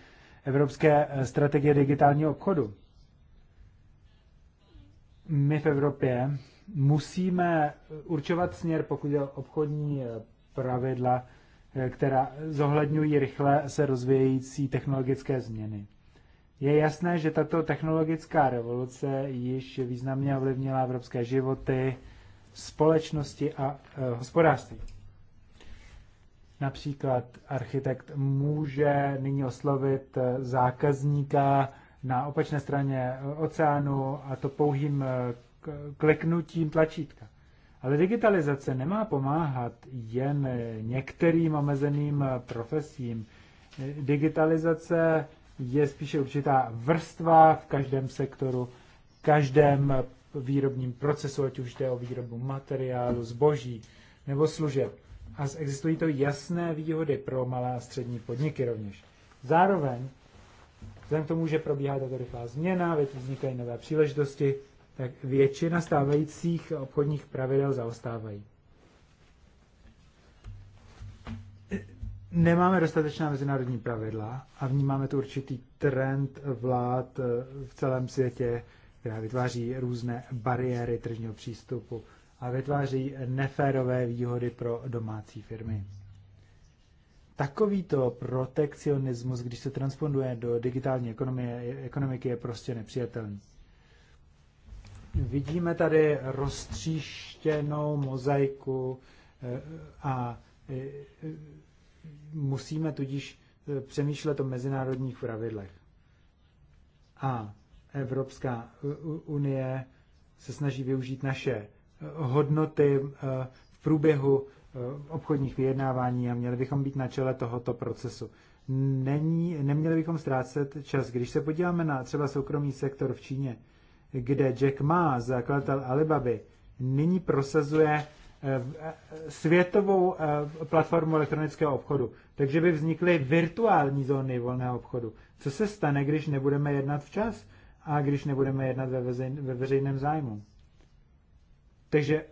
evropské eh, strategie digitálního obchodu. My v Evropě musíme určovat směr, pokud je obchodní eh, pravidla, eh, která zohledňují rychle se rozvíjející technologické změny. Je jasné, že tato technologická revoluce již významně ovlivnila evropské životy, společnosti a e, hospodářství. Například architekt může nyní oslovit e, zákazníka na opačné straně e, oceánu a to pouhým e, kliknutím tlačítka. Ale digitalizace nemá pomáhat jen některým omezeným profesím. Digitalizace je spíše určitá vrstva v každém sektoru, v každém výrobním procesu, ať už jde o výrobu materiálu, zboží nebo služeb. A existují to jasné výhody pro malé a střední podniky rovněž. Zároveň, vzhledem k tomu, že probíhá tato rychlá změna, vznikají nové příležitosti, tak většina stávajících obchodních pravidel zaostávají. Nemáme dostatečná mezinárodní pravidla a vnímáme tu určitý trend vlád eh, v celém světě která vytváří různé bariéry tržního přístupu a vytváří neférové výhody pro domácí firmy. Takovýto protekcionismus, když se transponuje do digitální ekonomie, ekonomiky, je prostě nepřijatelný. Vidíme tady roztříštěnou mozaiku eh, a eh, musíme tudíž eh, přemýšlet o mezinárodních pravidlech. A Evropská unie se snaží využít naše eh, hodnoty eh, v průběhu eh, obchodních vyjednávání a měli bychom být na čele tohoto procesu. Není, neměli bychom ztrácet čas. Když se podíváme na třeba soukromý sektor v Číně, kde Jack Ma, zakladatel Alibaby, nyní prosazuje světovou platformu elektronického obchodu. Takže by vznikly virtuální zóny volného obchodu. Co se stane, když nebudeme jednat včas? a když nebudeme jednat ve, veřejn, ve veřejném zájmu. Takže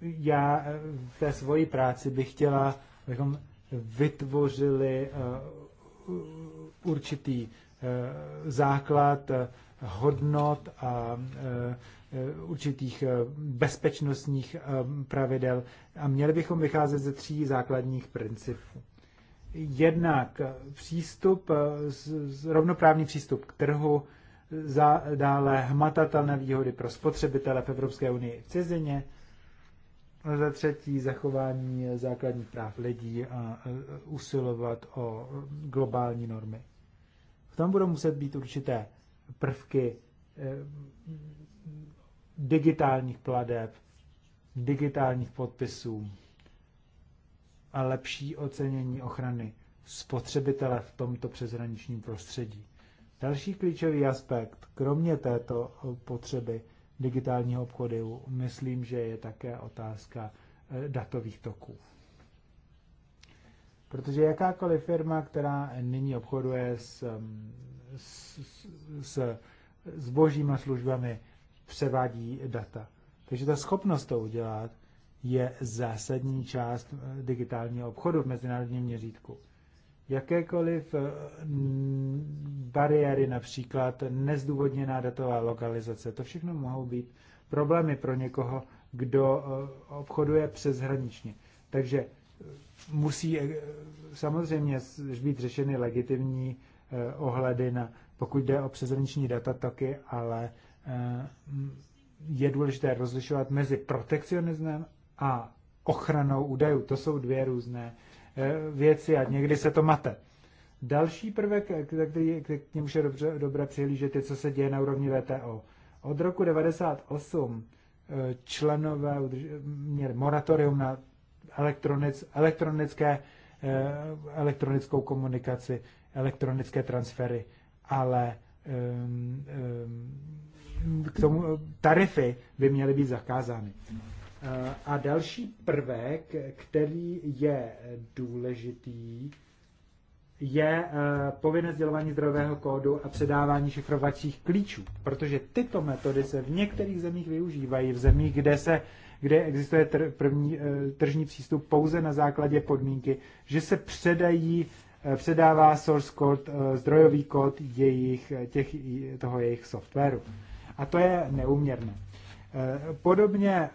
já eh, v té svoji práci bych chtěla, abychom vytvořili eh, určitý eh, základ hodnot a určitých bezpečnostních pravidel a měli bychom vycházet ze tří základních principů. Jednak přístup, rovnoprávný přístup k trhu, za, dále hmatatelné výhody pro spotřebitele v Evropské unii v cizině, za třetí zachování základních práv lidí a usilovat o globální normy. V tom budou muset být určité prvky eh, digitálních pladeb, digitálních podpisů a lepší ocenění ochrany spotřebitele v tomto přeshraničním prostředí. Další klíčový aspekt, kromě této potřeby digitálního obchodu, myslím, že je také otázka eh, datových toků. Protože jakákoliv firma, která nyní obchoduje s, mm, s, s s a službami, převádí data. Takže ta schopnost to udělat je zásadní část eh, digitálního obchodu v mezinárodním měřítku jakékoliv eh, bariéry, například nezdůvodněná datová lokalizace, to všechno mohou být problémy pro někoho, kdo eh, obchoduje přeshraničně. Takže eh, musí samozřejmě být řešeny legitimní ohledy na, pokud jde o přeshraniční datatoky, ale je důležité rozlišovat mezi protekcionismem a ochranou údajů. To jsou dvě různé Eh, věci a někdy se to mate. Další prvek, eh, který k němu je dobře, dobré přihlížet, je, co se děje na úrovni VTO. Od roku 1998 eh, členové měli moratorium na elektronic, elektronické, elektronickou komunikaci, elektronické transfery, ale ehm, ehm, k tomu tarify by měly být zakázány. A další prvek, který je důležitý, je eh, povinné sdělování zdrojového kódu a předávání šifrovacích klíčů, protože tyto metody se v některých zemích využívají, v zemích, kde se kde existuje tr, první, eh, tržní přístup pouze na základě podmínky, že se předají, eh, předává source kód, zdrojový kód jejich, těch, toho jejich softwaru. A to je neuměrné. Podobně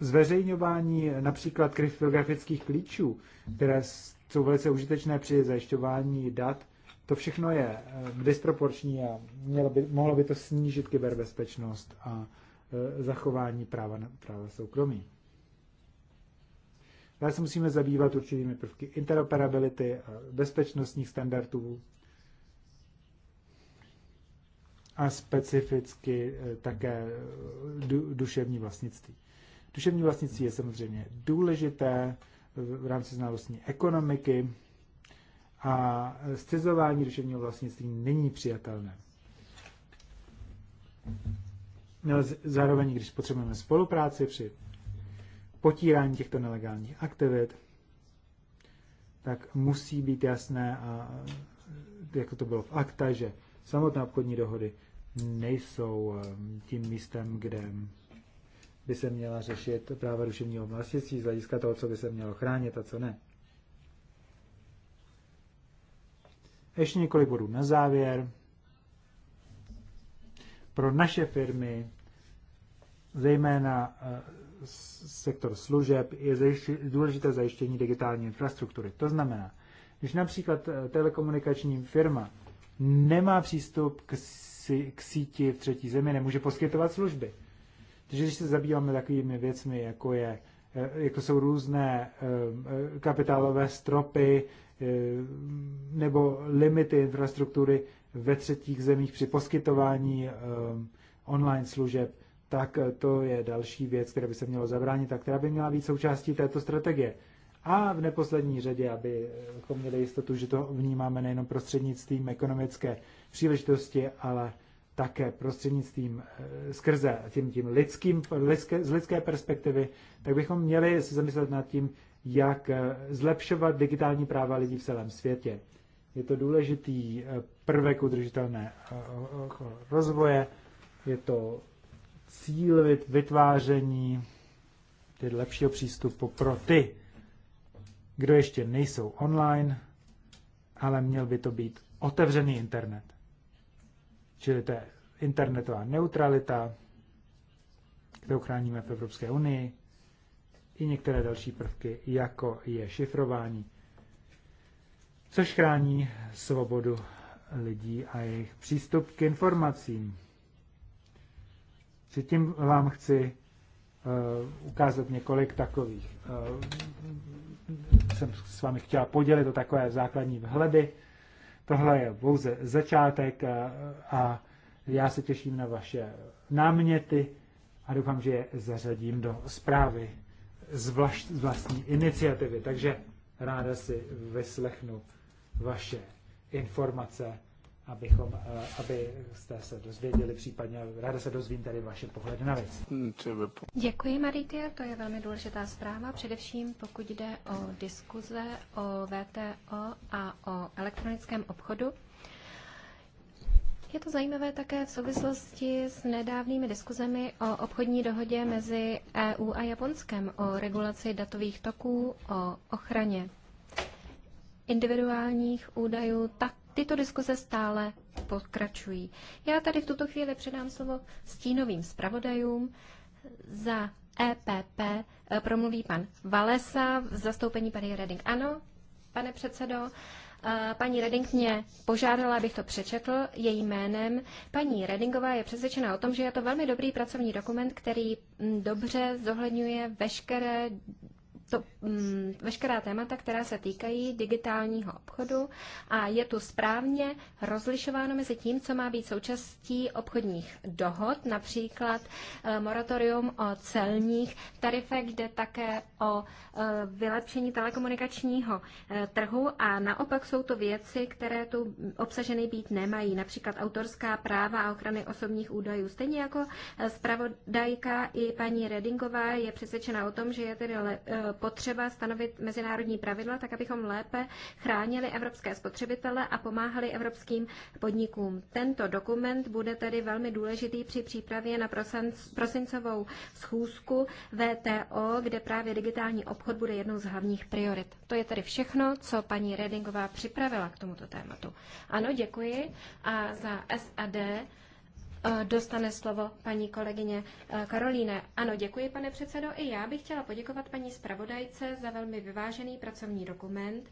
zveřejňování například kryptografických klíčů, které jsou velice užitečné při zajišťování dat, to všechno je eh, disproporční a mělo by, mohlo by to snížit kyberbezpečnost a eh, zachování práva, práva soukromí. Dále se musíme zabývat určitými prvky interoperability a bezpečnostních standardů a specificky eh, také duševní vlastnictví. Duševní vlastnictví je samozřejmě důležité v rámci znalostní ekonomiky a zcizování duševního vlastnictví není přijatelné. Ale zároveň, když potřebujeme spolupráci při potírání těchto nelegálních aktivit, tak musí být jasné, a jako to bylo v akta, že samotné obchodní dohody nejsou eh, tím místem, kde by se měla řešit práva duševního vlastnictví z hlediska toho, co by se mělo chránit a co ne. Ještě několik bodů na závěr. Pro naše firmy, zejména eh, sektor služeb, je důležité zajištění digitální infrastruktury. To znamená, když například eh, telekomunikační firma nemá přístup k síti v třetí zemi, nemůže poskytovat služby. Takže když se zabýváme takovými věcmi, jako, je, eh, jako jsou různé eh, eh, kapitálové stropy nebo limity infrastruktury ve třetích zemích při poskytování online služeb, tak to je další věc, která by se mělo zabránit a která by měla být součástí této strategie. A v neposlední řadě, abychom jako měli jistotu, že to vnímáme nejenom prostřednictvím ekonomické příležitosti, ale také prostřednictvím eh, skrze tím, tím lidským, lidské, z lidské perspektivy, tak bychom měli se zamyslet nad tím, jak eh, zlepšovat digitální práva lidí v celém světě. Je to důležitý eh, prvek udržitelné rozvoje, je to cíl vytváření tedy lepšího přístupu pro ty, kdo ještě nejsou online, ale měl by to být otevřený internet. Čili to je internetová neutralita, kterou chráníme v Evropské unii, i některé další prvky, jako je šifrování, což chrání svobodu lidí a jejich přístup k informacím. Předtím vám chci uh, ukázat několik takových. Uh, jsem s vámi chtěla podělit o takové základní vhledy. Tohle je pouze začátek a, eh, a já se těším na vaše náměty a doufám, že je zařadím do zprávy z, vlaš, z vlastní iniciativy. Takže ráda si vyslechnu vaše informace abychom, eh, abyste se dozvěděli, případně ráda se dozvím tady vaše pohledy na věc. Děkuji, Maritě, to je velmi důležitá zpráva, především pokud jde o diskuze o VTO a o elektronickém obchodu. Je to zajímavé také v souvislosti s nedávnými diskuzemi o obchodní dohodě mezi EU a Japonskem, o regulaci datových toků, o ochraně individuálních údajů, tak tyto diskuze stále pokračují. Já tady v tuto chvíli předám slovo stínovým zpravodajům za EPP eh, promluví pan Valesa v zastoupení paní Reding. Ano, pane předsedo, eh, paní Reding mě požádala, abych to přečetl její jménem. Paní Redingová je přesvědčena o tom, že je to velmi dobrý pracovní dokument, který mm, dobře zohledňuje veškeré to, mm, veškerá témata, která se týkají digitálního obchodu a je tu správně rozlišováno mezi tím, co má být součástí obchodních dohod, například e, moratorium o celních tarifech, jde také o e, vylepšení telekomunikačního e, trhu a naopak jsou to věci, které tu obsaženy být nemají, například autorská práva a ochrany osobních údajů. Stejně jako zpravodajka i paní Redingová je přesvědčena o tom, že je tedy le, potřeba stanovit mezinárodní pravidla, tak abychom lépe chránili evropské spotřebitele a pomáhali evropským podnikům. Tento dokument bude tedy velmi důležitý při přípravě na prosincovou schůzku VTO, kde právě digitální obchod bude jednou z hlavních priorit. To je tedy všechno, co paní Redingová připravila k tomuto tématu. Ano, děkuji. A za SAD Eh, dostane slovo paní kolegyně eh, Karolíne. Ano, děkuji, pane předsedo. I já bych chtěla poděkovat paní zpravodajce za velmi vyvážený pracovní dokument.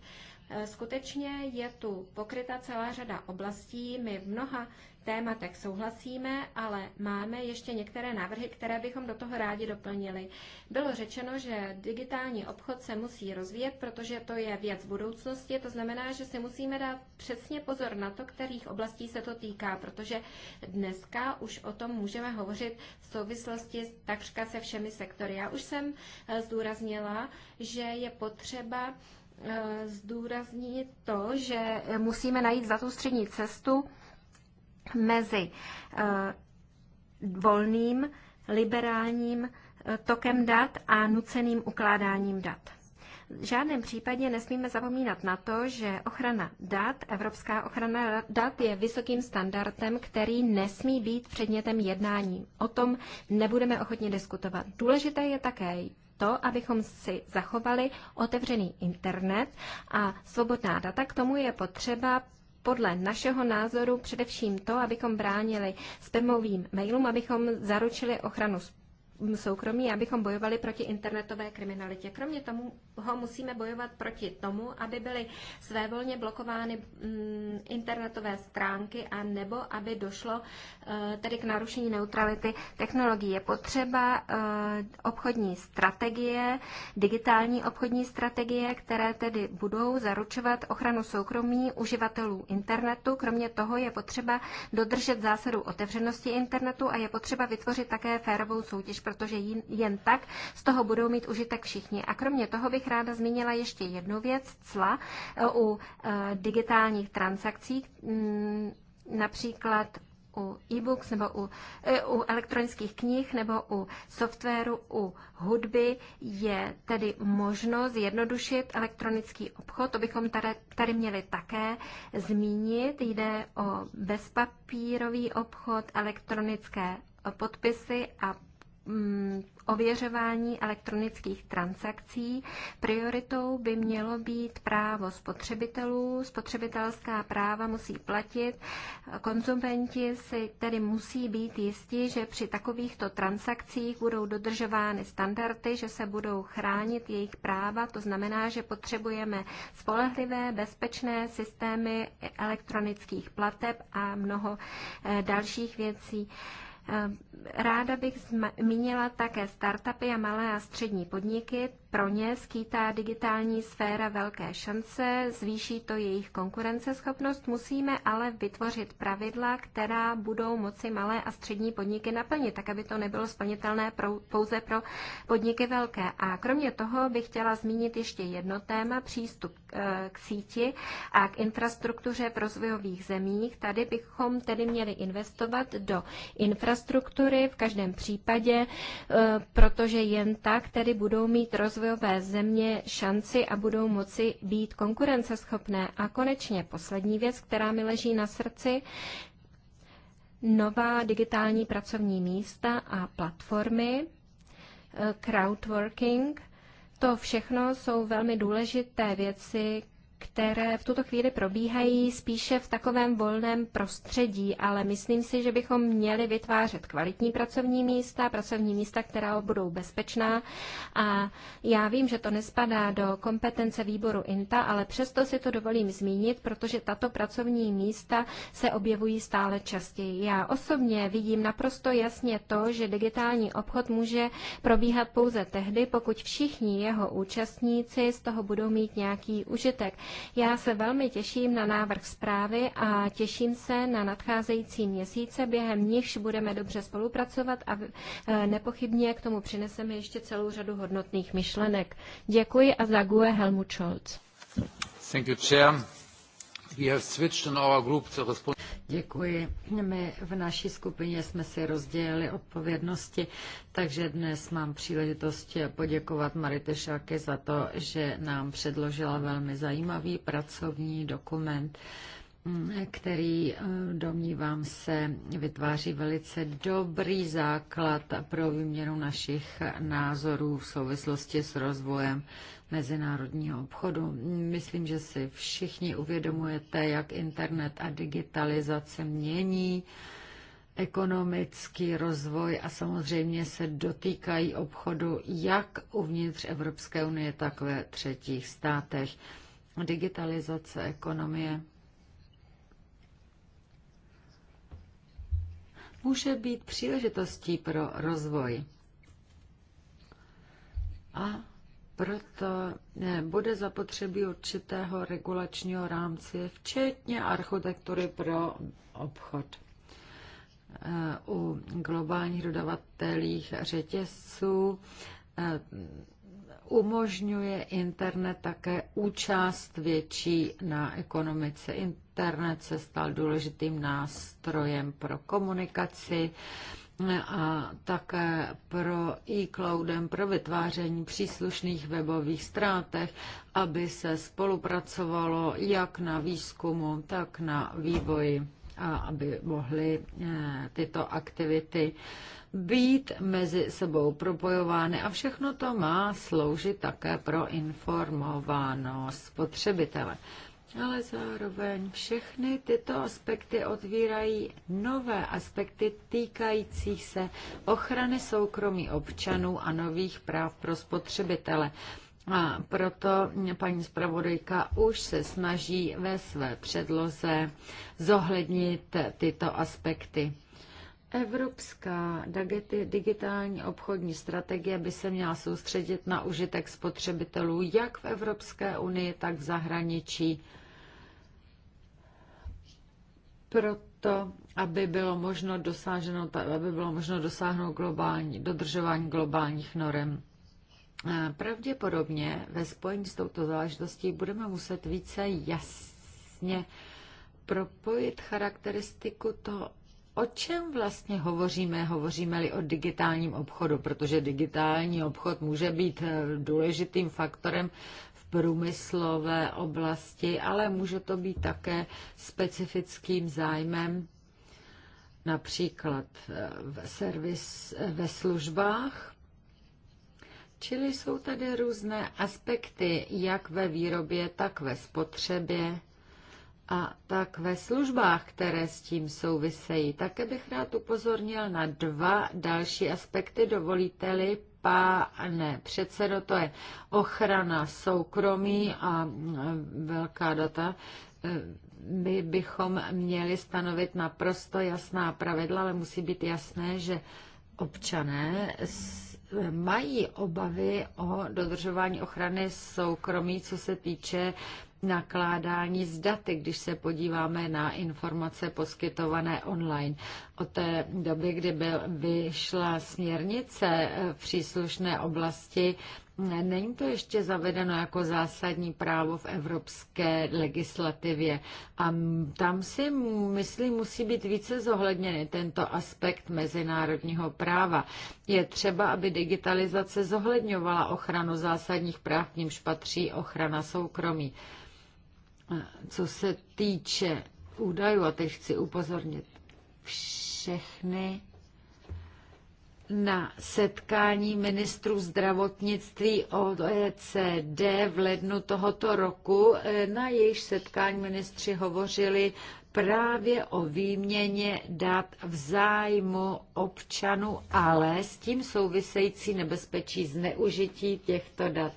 Eh, skutečně je tu pokryta celá řada oblastí. My v mnoha tématech souhlasíme, ale máme ještě některé návrhy, které bychom do toho rádi doplnili. Bylo řečeno, že digitální obchod se musí rozvíjet, protože to je věc budoucnosti. To znamená, že si musíme dát přesně pozor na to, kterých oblastí se to týká, protože dneska už o tom můžeme hovořit v souvislosti takřka se všemi sektory. Já už jsem eh, zdůraznila, že je potřeba eh, zdůraznit to, že eh, musíme najít za tu střední cestu mezi eh, volným, liberálním eh, tokem dat a nuceným ukládáním dat. V žádném případě nesmíme zapomínat na to, že ochrana dat, evropská ochrana dat je vysokým standardem, který nesmí být předmětem jednání. O tom nebudeme ochotně diskutovat. Důležité je také to, abychom si zachovali otevřený internet a svobodná data. K tomu je potřeba podle našeho názoru především to, abychom bránili spamovým mailům, abychom zaručili ochranu soukromí, abychom bojovali proti internetové kriminalitě. Kromě toho musíme bojovat proti tomu, aby byly svévolně blokovány mm, internetové stránky a nebo aby došlo e, tedy k narušení neutrality technologií. Je potřeba e, obchodní strategie, digitální obchodní strategie, které tedy budou zaručovat ochranu soukromí uživatelů internetu. Kromě toho je potřeba dodržet zásadu otevřenosti internetu a je potřeba vytvořit také férovou soutěž protože jen tak z toho budou mít užitek všichni. A kromě toho bych ráda zmínila ještě jednu věc, cla u e, digitálních transakcí, mm, například u e-books nebo u, e, u elektronických knih nebo u softwaru, u hudby je tedy možno zjednodušit elektronický obchod. To bychom tady, tady měli také zmínit. Jde o bezpapírový obchod, elektronické podpisy a Mm, ověřování elektronických transakcí. Prioritou by mělo být právo spotřebitelů. Spotřebitelská práva musí platit. Konzumenti si tedy musí být jistí, že při takovýchto transakcích budou dodržovány standardy, že se budou chránit jejich práva. To znamená, že potřebujeme spolehlivé, bezpečné systémy elektronických plateb a mnoho eh, dalších věcí. Eh, ráda bych zmínila také startupy a malé a střední podniky. Pro ně skýtá digitální sféra velké šance, zvýší to jejich konkurenceschopnost. Musíme ale vytvořit pravidla, která budou moci malé a střední podniky naplnit, tak aby to nebylo splnitelné pro, pouze pro podniky velké. A kromě toho bych chtěla zmínit ještě jedno téma, přístup Eh, k síti a k infrastruktuře v rozvojových zemích. Tady bychom tedy měli investovat do infrastruktury v každém případě, eh, protože jen tak tedy budou mít rozvojové země šanci a budou moci být konkurenceschopné. A konečně poslední věc, která mi leží na srdci, nová digitální pracovní místa a platformy, eh, crowdworking – to všechno jsou velmi důležité věci, které v tuto chvíli probíhají spíše v takovém volném prostředí, ale myslím si, že bychom měli vytvářet kvalitní pracovní místa, pracovní místa, která budou bezpečná. A já vím, že to nespadá do kompetence výboru INTA, ale přesto si to dovolím zmínit, protože tato pracovní místa se objevují stále častěji. Já osobně vidím naprosto jasně to, že digitální obchod může probíhat pouze tehdy, pokud všichni jeho účastníci z toho budou mít nějaký užitek. Já se velmi těším na návrh zprávy a těším se na nadcházející měsíce, během nichž budeme dobře spolupracovat a e, nepochybně k tomu přineseme ještě celou řadu hodnotných myšlenek. Děkuji a za Helmut Scholz. Thank you, Chair. Děkuji. My v naší skupině jsme si rozdělili odpovědnosti, takže dnes mám příležitost poděkovat Marite Šáke za to, že nám předložila velmi zajímavý pracovní dokument který, eh, domnívám se, vytváří velice dobrý základ pro výměnu našich názorů v souvislosti s rozvojem mezinárodního obchodu. Myslím, že si všichni uvědomujete, jak internet a digitalizace mění ekonomický rozvoj a samozřejmě se dotýkají obchodu jak uvnitř Evropské unie, tak ve třetích státech. Digitalizace ekonomie může být příležitostí pro rozvoj. A proto ne, eh, bude zapotřebí určitého regulačního rámce, včetně architektury pro obchod. Eh, u globálních dodavatelích řetězců eh, umožňuje internet také účast větší na ekonomice. Internet se stal důležitým nástrojem pro komunikaci, a také pro e-cloudem, pro vytváření příslušných webových strátech, aby se spolupracovalo jak na výzkumu, tak na vývoji a aby mohly eh, tyto aktivity být mezi sebou propojovány a všechno to má sloužit také pro informovanost spotřebitele ale zároveň všechny tyto aspekty otvírají nové aspekty týkající se ochrany soukromí občanů a nových práv pro spotřebitele. A proto paní zpravodajka už se snaží ve své předloze zohlednit tyto aspekty. Evropská digitální obchodní strategie by se měla soustředit na užitek spotřebitelů jak v Evropské unii, tak v zahraničí proto, aby bylo možno dosáženo, aby bylo možno dosáhnout globální, dodržování globálních norem. Pravděpodobně ve spojení s touto záležitostí budeme muset více jasně propojit charakteristiku toho, o čem vlastně hovoříme, hovoříme-li o digitálním obchodu, protože digitální obchod může být eh, důležitým faktorem průmyslové oblasti, ale může to být také specifickým zájmem například eh, v servis eh, ve službách. Čili jsou tady různé aspekty, jak ve výrobě, tak ve spotřebě a tak ve službách, které s tím souvisejí. Také bych rád upozornil na dva další aspekty, dovolíte-li, pane předsedo, to je ochrana soukromí a e, velká data. E, my bychom měli stanovit naprosto jasná pravidla, ale musí být jasné, že občané mají obavy o dodržování ochrany soukromí, co se týče nakládání s daty, když se podíváme na informace poskytované online. Od té doby, kdy byl, vyšla směrnice v příslušné oblasti, Není to ještě zavedeno jako zásadní právo v evropské legislativě a tam si, myslím, musí být více zohledněny tento aspekt mezinárodního práva. Je třeba, aby digitalizace zohledňovala ochranu zásadních práv, k nímž patří ochrana soukromí. Co se týče údajů, a teď chci upozornit všechny na setkání ministrů zdravotnictví OECD v lednu tohoto roku. E, na jejich setkání ministři hovořili právě o výměně dat v zájmu občanů, ale s tím související nebezpečí zneužití těchto dat.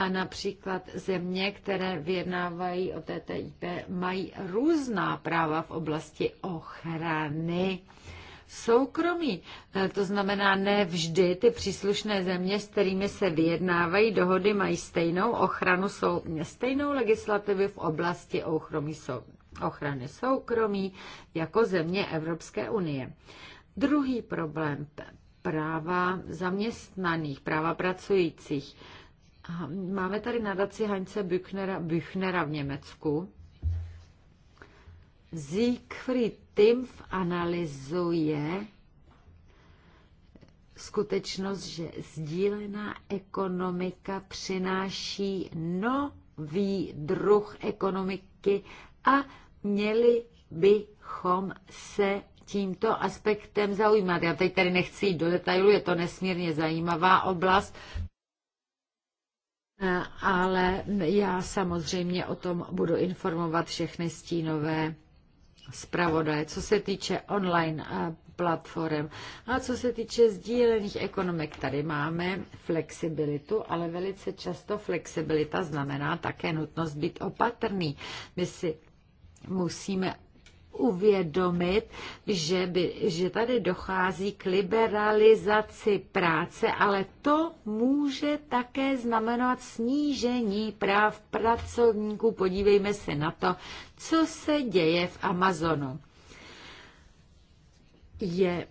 A například země, které vyjednávají o TTIP, mají různá práva v oblasti ochrany soukromí. Eh, to znamená, ne vždy ty příslušné země, s kterými se vyjednávají dohody, mají stejnou ochranu, jsou stejnou legislativy v oblasti ochromí, ochrany soukromí jako země Evropské unie. Druhý problém práva zaměstnaných, práva pracujících. Máme tady nadaci Heinze Büchnera, Büchnera v Německu. Siegfried Timf analyzuje skutečnost, že sdílená ekonomika přináší nový druh ekonomiky a měli bychom se tímto aspektem zaujímat. Já teď tady nechci jít do detailu, je to nesmírně zajímavá oblast. Eh, ale já samozřejmě o tom budu informovat všechny stínové zpravodaje, co se týče online eh, platform. A co se týče sdílených ekonomik, tady máme flexibilitu, ale velice často flexibilita znamená také nutnost být opatrný. My si musíme uvědomit, že, by, že tady dochází k liberalizaci práce, ale to může také znamenat snížení práv pracovníků. Podívejme se na to, co se děje v Amazonu. Je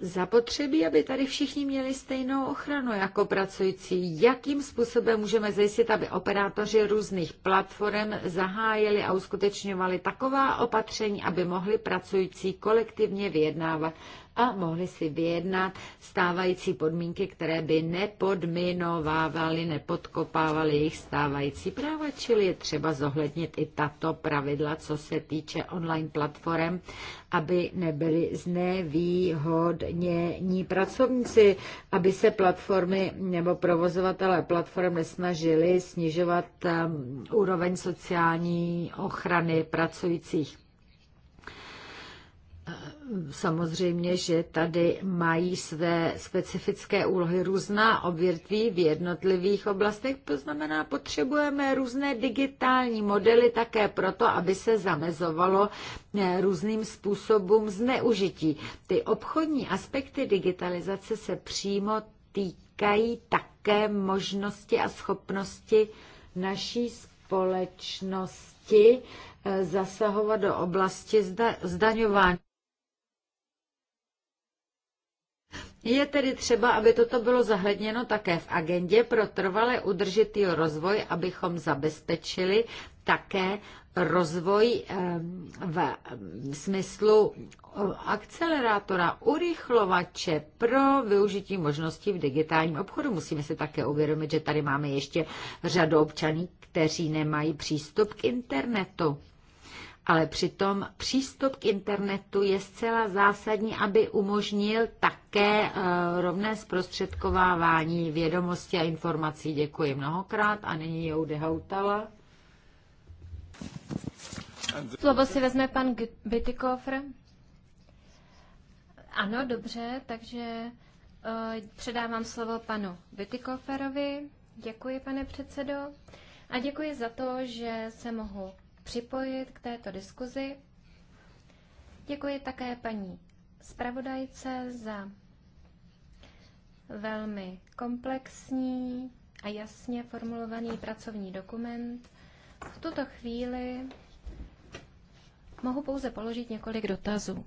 zapotřebí, aby tady všichni měli stejnou ochranu jako pracující. Jakým způsobem můžeme zajistit, aby operátoři různých platform zahájili a uskutečňovali taková opatření, aby mohli pracující kolektivně vyjednávat a mohli si vyjednat stávající podmínky, které by nepodminovávaly, nepodkopávaly jejich stávající práva, čili je třeba zohlednit i tato pravidla, co se týče online platform, aby nebyly znevýhodnění pracovníci, aby se platformy nebo provozovatelé platform nesnažili snižovat um, úroveň sociální ochrany pracujících. Samozřejmě, že tady mají své specifické úlohy různá obvětví, v jednotlivých oblastech, to znamená, potřebujeme různé digitální modely také proto, aby se zamezovalo eh, různým způsobům zneužití. Ty obchodní aspekty digitalizace se přímo týkají také možnosti a schopnosti naší společnosti eh, zasahovat do oblasti zda, zdaňování. Je tedy třeba, aby toto bylo zahledněno také v agendě pro trvale udržitý rozvoj, abychom zabezpečili také rozvoj v smyslu akcelerátora, urychlovače pro využití možností v digitálním obchodu. Musíme si také uvědomit, že tady máme ještě řadu občanů, kteří nemají přístup k internetu ale přitom přístup k internetu je zcela zásadní, aby umožnil také eh, rovné zprostředkovávání vědomosti a informací. Děkuji mnohokrát a nyní Joude Hautala. Slovo si vezme pan Bytykofr. Ano, dobře, takže uh, předávám slovo panu Bytykoferovi. Děkuji, pane předsedo. A děkuji za to, že se mohu připojit k této diskuzi. Děkuji také paní zpravodajce za velmi komplexní a jasně formulovaný pracovní dokument. V tuto chvíli mohu pouze položit několik dotazů.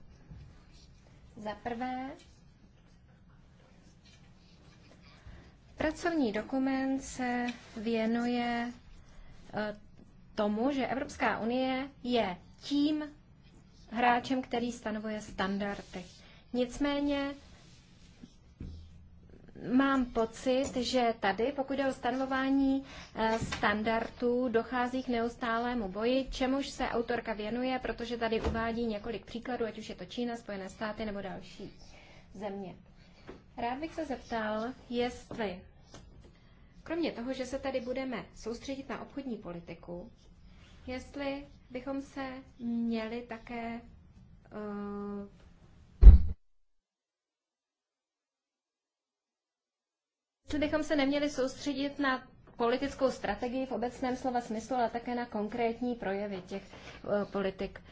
Za prvé, pracovní dokument se věnuje eh, tomu, že Evropská unie je tím hráčem, který stanovuje standardy. Nicméně mám pocit, že tady, pokud jde o stanovování eh, standardů, dochází k neustálému boji, čemuž se autorka věnuje, protože tady uvádí několik příkladů, ať už je to Čína, Spojené státy nebo další země. Rád bych se zeptal, jestli Kromě toho, že se tady budeme soustředit na obchodní politiku, jestli bychom se měli také uh, jestli bychom se neměli soustředit na politickou strategii v obecném slova smyslu, ale také na konkrétní projevy těch uh, politik. Uh,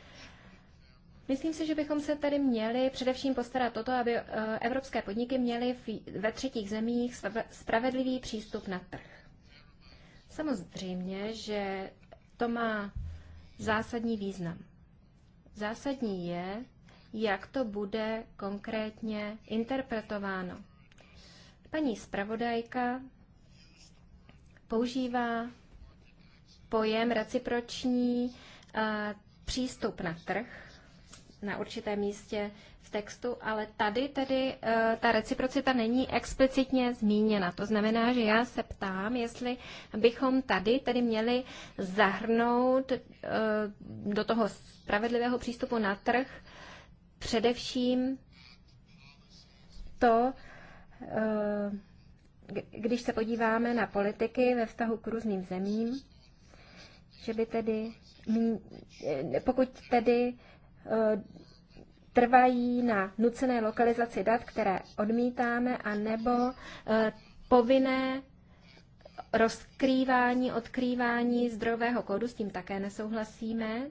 Myslím si, že bychom se tady měli především postarat o to, aby eh, evropské podniky měly ve třetích zemích spravedlivý přístup na trh. Samozřejmě, že to má zásadní význam. Zásadní je, jak to bude konkrétně interpretováno. Paní zpravodajka používá pojem reciproční eh, přístup na trh na určitém místě v textu, ale tady tedy eh, ta reciprocita není explicitně zmíněna. To znamená, že já se ptám, jestli bychom tady tedy měli zahrnout eh, do toho spravedlivého přístupu na trh především to, eh, když se podíváme na politiky ve vztahu k různým zemím, že by tedy, pokud tedy Eh, trvají na nucené lokalizaci dat, které odmítáme, a nebo eh, povinné rozkrývání, odkrývání zdrojového kódu, s tím také nesouhlasíme.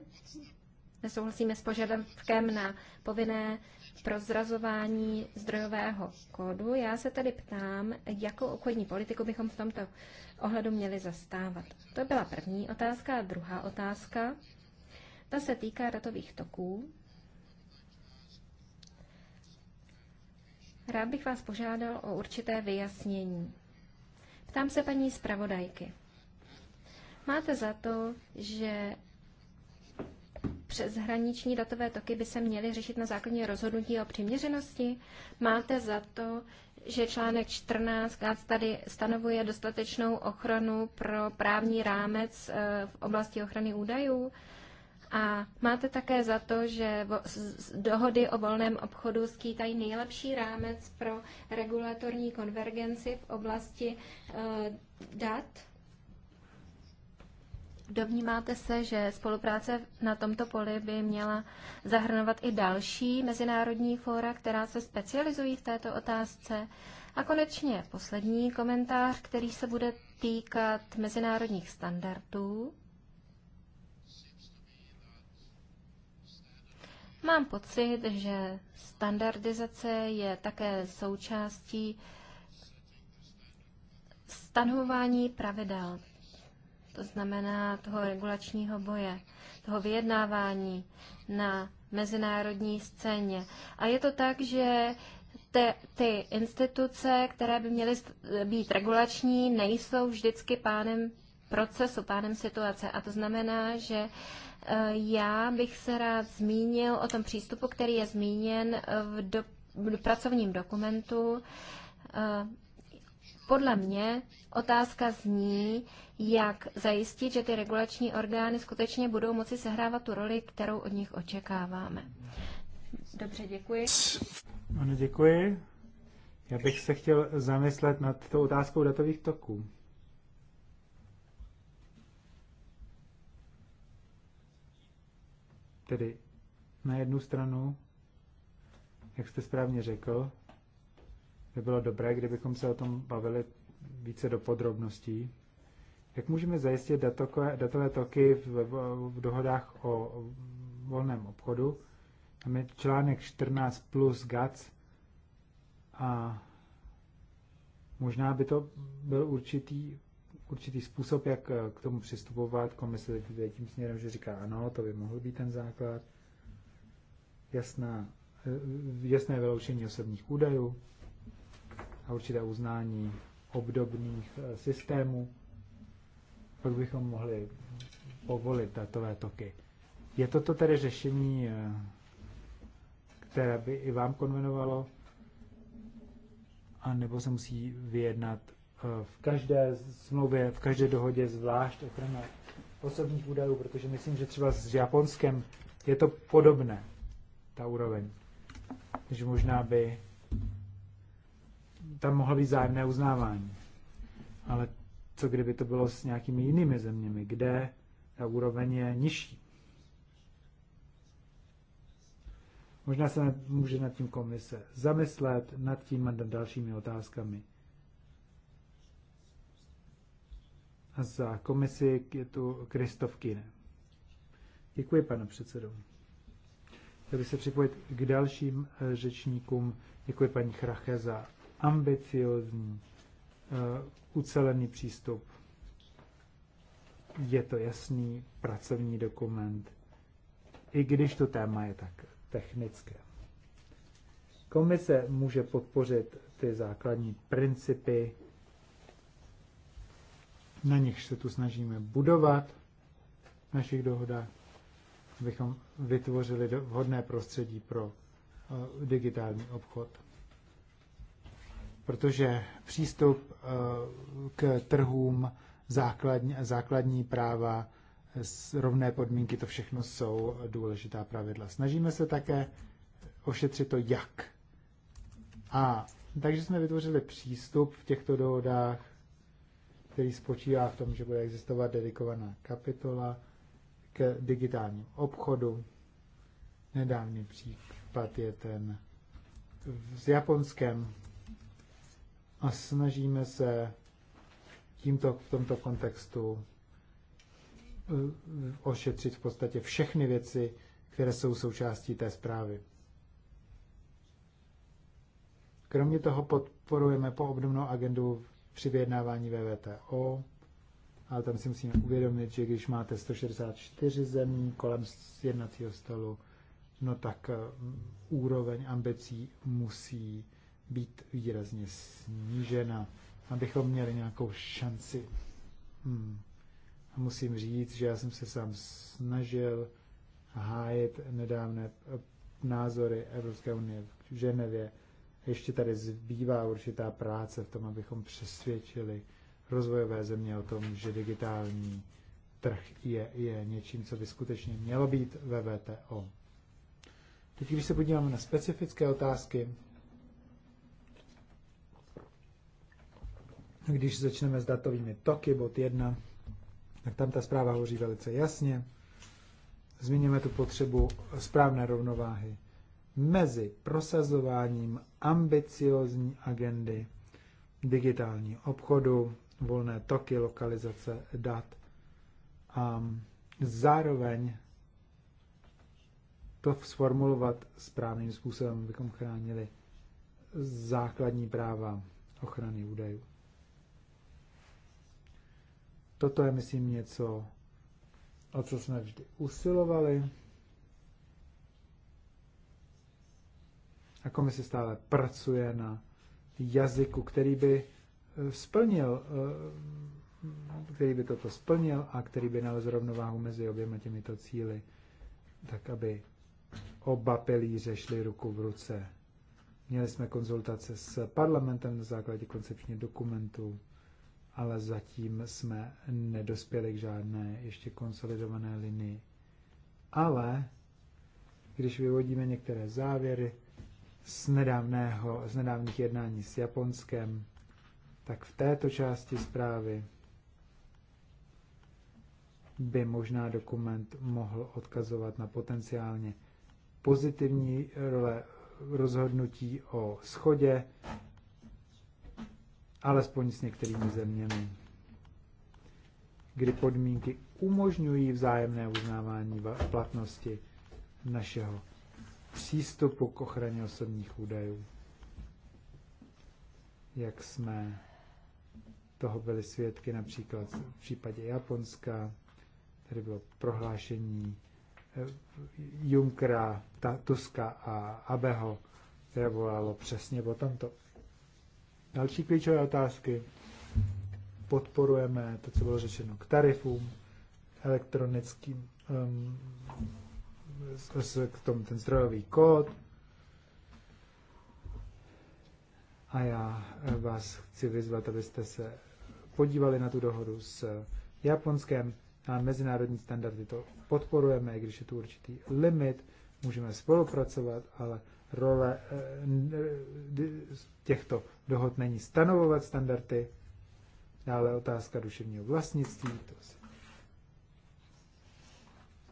Nesouhlasíme s požadavkem na povinné prozrazování zdrojového kódu. Já se tedy ptám, jakou obchodní politiku bychom v tomto ohledu měli zastávat. To byla první otázka. A druhá otázka ta se týká datových toků. Rád bych vás požádal o určité vyjasnění. Ptám se paní zpravodajky. Máte za to, že přeshraniční datové toky by se měly řešit na základě rozhodnutí o přiměřenosti? Máte za to, že článek 14 tady stanovuje dostatečnou ochranu pro právní rámec eh, v oblasti ochrany údajů? A máte také za to, že dohody o volném obchodu skýtají nejlepší rámec pro regulatorní konvergenci v oblasti eh, dat? Dovnímáte se, že spolupráce na tomto poli by měla zahrnovat i další mezinárodní fóra, která se specializují v této otázce? A konečně poslední komentář, který se bude týkat mezinárodních standardů. Mám pocit, že standardizace je také součástí stanovování pravidel. To znamená toho regulačního boje, toho vyjednávání na mezinárodní scéně. A je to tak, že te, ty instituce, které by měly být regulační, nejsou vždycky pánem procesu, pánem situace. A to znamená, že já bych se rád zmínil o tom přístupu, který je zmíněn v, do, v pracovním dokumentu. Eh, podle mě otázka zní, jak zajistit, že ty regulační orgány skutečně budou moci sehrávat tu roli, kterou od nich očekáváme. Dobře, děkuji. Ano, děkuji. Já bych se chtěl zamyslet nad tou otázkou datových toků. Tedy na jednu stranu, jak jste správně řekl, by bylo dobré, kdybychom se o tom bavili více do podrobností. Jak můžeme zajistit datokové, datové toky v, v, v dohodách o volném obchodu? Tam je článek 14 plus GATS a možná by to byl určitý určitý způsob, jak eh, k tomu přistupovat. Komise jde tím směrem, že říká ano, to by mohl být ten základ. Jasná, eh, jasné vyloučení osobních údajů a určité uznání obdobných eh, systémů. Pak bychom mohli povolit datové toky. Je toto tedy řešení, které by i vám konvenovalo? A nebo se musí vyjednat Eh, v každé smlouvě, v každé dohodě zvlášť ochrana osobních údajů, protože myslím, že třeba s Japonskem je to podobné, ta úroveň. Takže možná by tam mohlo být zájemné uznávání. Ale co kdyby to bylo s nějakými jinými zeměmi, kde ta úroveň je nižší? Možná se může nad tím komise zamyslet, nad tím a nad dalšími otázkami. za komisi je tu Kristof Kine. Děkuji, pane předsedo. Chtěl bych se připojit k dalším eh, řečníkům. Děkuji paní Chrache za ambiciozní, eh, ucelený přístup. Je to jasný pracovní dokument, i když to téma je tak technické. Komise může podpořit ty základní principy na nich se tu snažíme budovat v našich dohodách, abychom vytvořili vhodné prostředí pro eh, digitální obchod. Protože přístup eh, k trhům, základní, základní práva, rovné podmínky, to všechno jsou důležitá pravidla. Snažíme se také ošetřit to, jak. A takže jsme vytvořili přístup v těchto dohodách který spočívá v tom, že bude existovat dedikovaná kapitola k digitálním obchodu. Nedávný případ je ten s Japonskem a snažíme se tímto, v tomto kontextu eh, ošetřit v podstatě všechny věci, které jsou součástí té zprávy. Kromě toho podporujeme po obdobnou agendu při vyjednávání VVTO, ale tam si musíme uvědomit, že když máte 164 zemí kolem jednacího stolu, no tak eh, úroveň ambicí musí být výrazně snížena, abychom měli nějakou šanci. Hmm. A musím říct, že já jsem se sám snažil hájit nedávné eh, názory Evropské unie v Ženevě ještě tady zbývá určitá práce v tom, abychom přesvědčili rozvojové země o tom, že digitální trh je, je něčím, co by skutečně mělo být ve VTO. Teď, když se podíváme na specifické otázky, když začneme s datovými toky, bod 1, tak tam ta zpráva hovoří velice jasně. Zmíníme tu potřebu správné rovnováhy mezi prosazováním ambiciozní agendy digitální obchodu, volné toky, lokalizace dat a zároveň to sformulovat správným způsobem, abychom chránili základní práva ochrany údajů. Toto je, myslím, něco, o co jsme vždy usilovali. A komise stále pracuje na jazyku, který by eh, splnil, eh, který by toto splnil a který by nalezl rovnováhu mezi oběma těmito cíly, tak aby oba pilíře šly ruku v ruce. Měli jsme konzultace s parlamentem na základě koncepčních dokumentů, ale zatím jsme nedospěli k žádné ještě konsolidované linii. Ale když vyvodíme některé závěry, z, nedávného, z nedávných jednání s Japonskem, tak v této části zprávy by možná dokument mohl odkazovat na potenciálně pozitivní role rozhodnutí o schodě, alespoň s některými zeměmi, kdy podmínky umožňují vzájemné uznávání platnosti našeho přístupu k ochraně osobních údajů, jak jsme toho byli svědky například v případě Japonska, tady bylo prohlášení eh, Junkra, Tuska a Abeho, které volalo přesně o tomto. Další klíčové otázky. Podporujeme to, co bylo řečeno k tarifům, elektronickým um, k tomu ten strojový kód. A já vás chci vyzvat, abyste se podívali na tu dohodu s Japonskem. A mezinárodní standardy to podporujeme, i když je tu určitý limit, můžeme spolupracovat, ale role eh, těchto dohod není stanovovat standardy. Dále otázka duševního vlastnictví, to se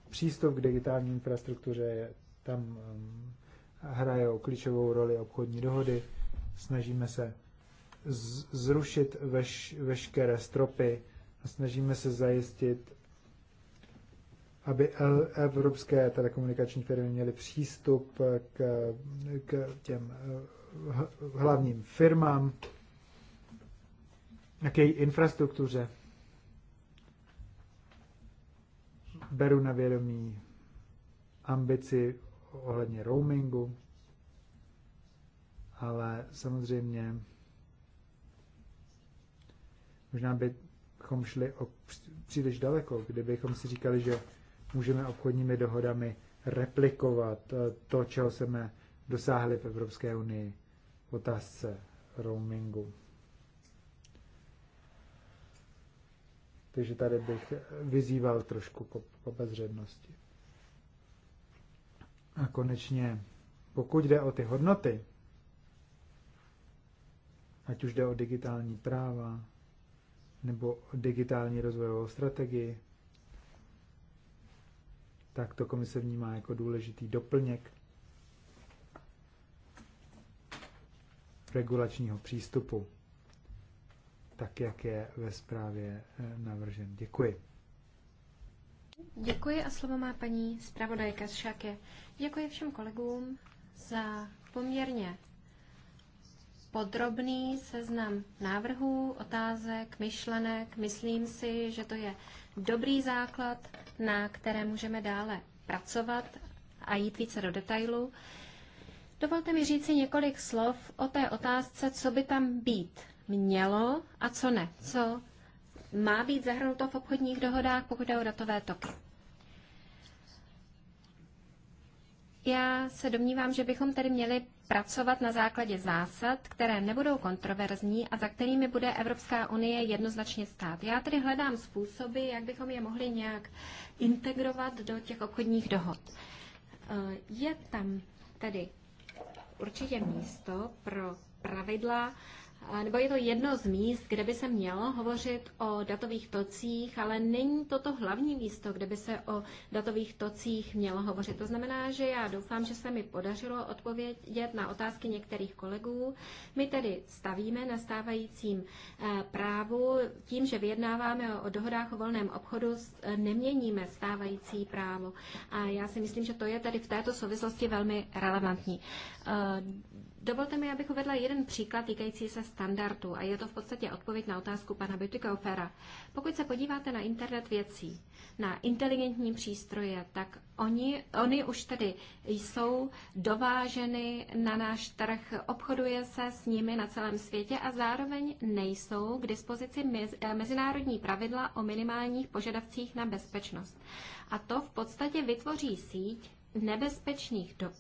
přístup k digitální infrastruktuře tam um, hrajou klíčovou roli obchodní dohody. Snažíme se zrušit veš, veškeré stropy a snažíme se zajistit, aby evropské telekomunikační firmy měly přístup k, k těm eh, hlavním firmám, k její infrastruktuře. Beru na vědomí ambici ohledně roamingu, ale samozřejmě možná bychom šli o příliš daleko, kdybychom si říkali, že můžeme obchodními dohodami replikovat eh, to, čeho jsme dosáhli v Evropské unii v otázce roamingu. Takže tady bych vyzýval trošku po, po bezřednosti. A konečně, pokud jde o ty hodnoty, ať už jde o digitální práva nebo o digitální rozvojovou strategii, tak to komise vnímá jako důležitý doplněk regulačního přístupu tak, jak je ve zprávě eh, navržen. Děkuji. Děkuji a slovo má paní zpravodajka z Šaky. Děkuji všem kolegům za poměrně podrobný seznam návrhů, otázek, myšlenek. Myslím si, že to je dobrý základ, na které můžeme dále pracovat a jít více do detailu. Dovolte mi říci několik slov o té otázce, co by tam být mělo a co ne, co má být zahrnuto v obchodních dohodách, pokud jde o datové toky. Já se domnívám, že bychom tedy měli pracovat na základě zásad, které nebudou kontroverzní a za kterými bude Evropská unie jednoznačně stát. Já tedy hledám způsoby, jak bychom je mohli nějak integrovat do těch obchodních dohod. Eh, je tam tedy určitě místo pro pravidla nebo je to jedno z míst, kde by se mělo hovořit o datových tocích, ale není to to hlavní místo, kde by se o datových tocích mělo hovořit. To znamená, že já doufám, že se mi podařilo odpovědět na otázky některých kolegů. My tedy stavíme na stávajícím eh, právu. Tím, že vyjednáváme o dohodách o volném obchodu, eh, neměníme stávající právo. A já si myslím, že to je tedy v této souvislosti velmi relevantní. Eh, Dovolte mi, abych uvedla jeden příklad týkající se standardu a je to v podstatě odpověď na otázku pana Bütikoffera. Pokud se podíváte na internet věcí, na inteligentní přístroje, tak oni, oni už tedy jsou dováženy na náš trh, obchoduje se s nimi na celém světě a zároveň nejsou k dispozici eh, mezinárodní pravidla o minimálních požadavcích na bezpečnost. A to v podstatě vytvoří síť, nebezpečných do, e,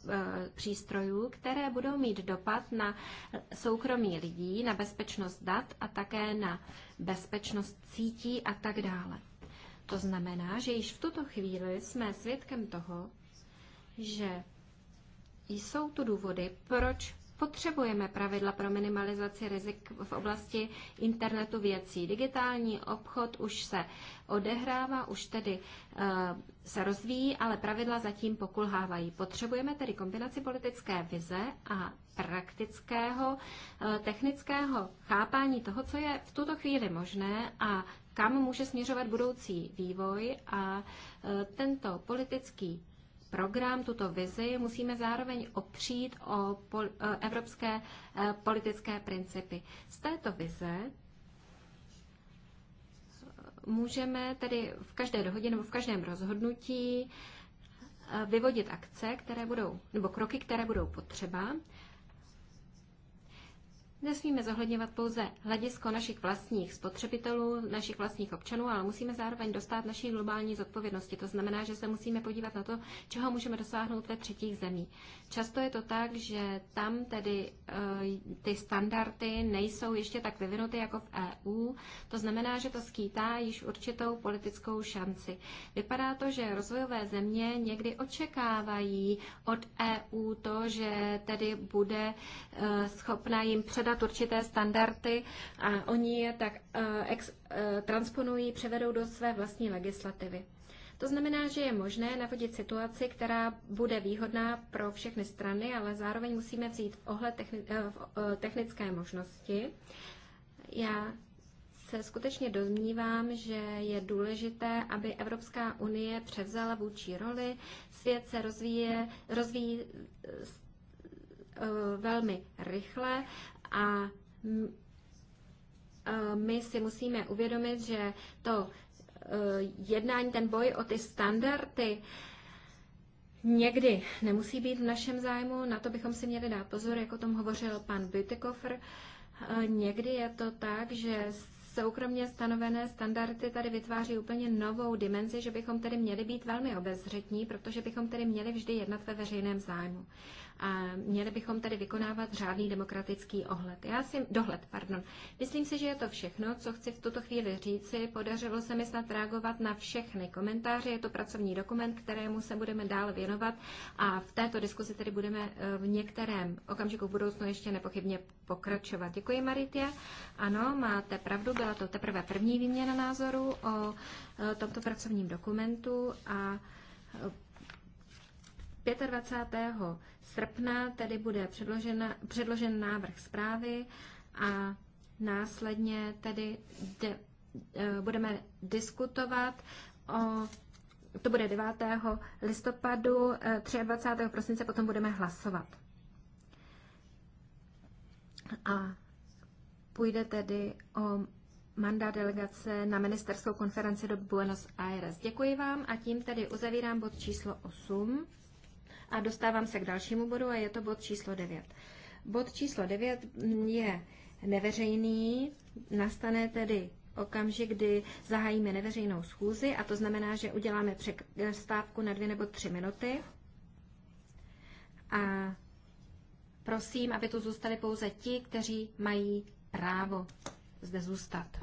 přístrojů, které budou mít dopad na soukromí lidí, na bezpečnost dat a také na bezpečnost sítí a tak dále. To znamená, že již v tuto chvíli jsme svědkem toho, že jsou tu důvody, proč Potřebujeme pravidla pro minimalizaci rizik v oblasti internetu věcí. Digitální obchod už se odehrává, už tedy eh, se rozvíjí, ale pravidla zatím pokulhávají. Potřebujeme tedy kombinaci politické vize a praktického, eh, technického chápání toho, co je v tuto chvíli možné a kam může směřovat budoucí vývoj a eh, tento politický program, tuto vizi musíme zároveň opřít o pol, e, evropské e, politické principy. Z této vize e, můžeme tedy v každé dohodě nebo v každém rozhodnutí vyvodit akce, které budou, nebo kroky, které budou potřeba Nesmíme zohledňovat pouze hledisko našich vlastních spotřebitelů, našich vlastních občanů, ale musíme zároveň dostat naší globální zodpovědnosti. To znamená, že se musíme podívat na to, čeho můžeme dosáhnout ve třetích zemí. Často je to tak, že tam tedy eh, ty standardy nejsou ještě tak vyvinuty jako v EU. To znamená, že to skýtá již určitou politickou šanci. Vypadá to, že rozvojové země někdy očekávají od EU to, že tedy bude eh, schopna jim předat zadat určité standardy a oni je tak eh, ex, eh, transponují, převedou do své vlastní legislativy. To znamená, že je možné navodit situaci, která bude výhodná pro všechny strany, ale zároveň musíme vzít v ohled techni- eh, v technické možnosti. Já se skutečně domnívám, že je důležité, aby Evropská unie převzala vůči roli. Svět se rozvíje, rozvíjí velmi rychle. A my si musíme uvědomit, že to e, jednání, ten boj o ty standardy, Někdy nemusí být v našem zájmu, na to bychom si měli dát pozor, jak o tom hovořil pan Bütikofer. E, někdy je to tak, že soukromně stanovené standardy tady vytváří úplně novou dimenzi, že bychom tedy měli být velmi obezřetní, protože bychom tedy měli vždy jednat ve veřejném zájmu. A měli bychom tady vykonávat řádný demokratický ohled. Já si, dohled. Pardon. Myslím si, že je to všechno, co chci v tuto chvíli říci. Podařilo se mi snad reagovat na všechny komentáře. Je to pracovní dokument, kterému se budeme dále věnovat a v této diskusi tedy budeme eh, v některém okamžiku v budoucnu ještě nepochybně pokračovat. Děkuji, Maritě. Ano, máte pravdu, byla to teprve první výměna názoru o eh, tomto pracovním dokumentu a eh, 25. srpna tedy bude předložena, předložen návrh zprávy a následně tedy de, budeme diskutovat o to bude 9. listopadu, 23. prosince potom budeme hlasovat. A půjde tedy o mandát delegace na ministerskou konferenci do Buenos Aires. Děkuji vám a tím tedy uzavírám bod číslo 8. A dostávám se k dalšímu bodu a je to bod číslo 9. Bod číslo 9 je neveřejný, nastane tedy okamžik, kdy zahájíme neveřejnou schůzi a to znamená, že uděláme přestávku na dvě nebo tři minuty. A prosím, aby tu zůstali pouze ti, kteří mají právo zde zůstat.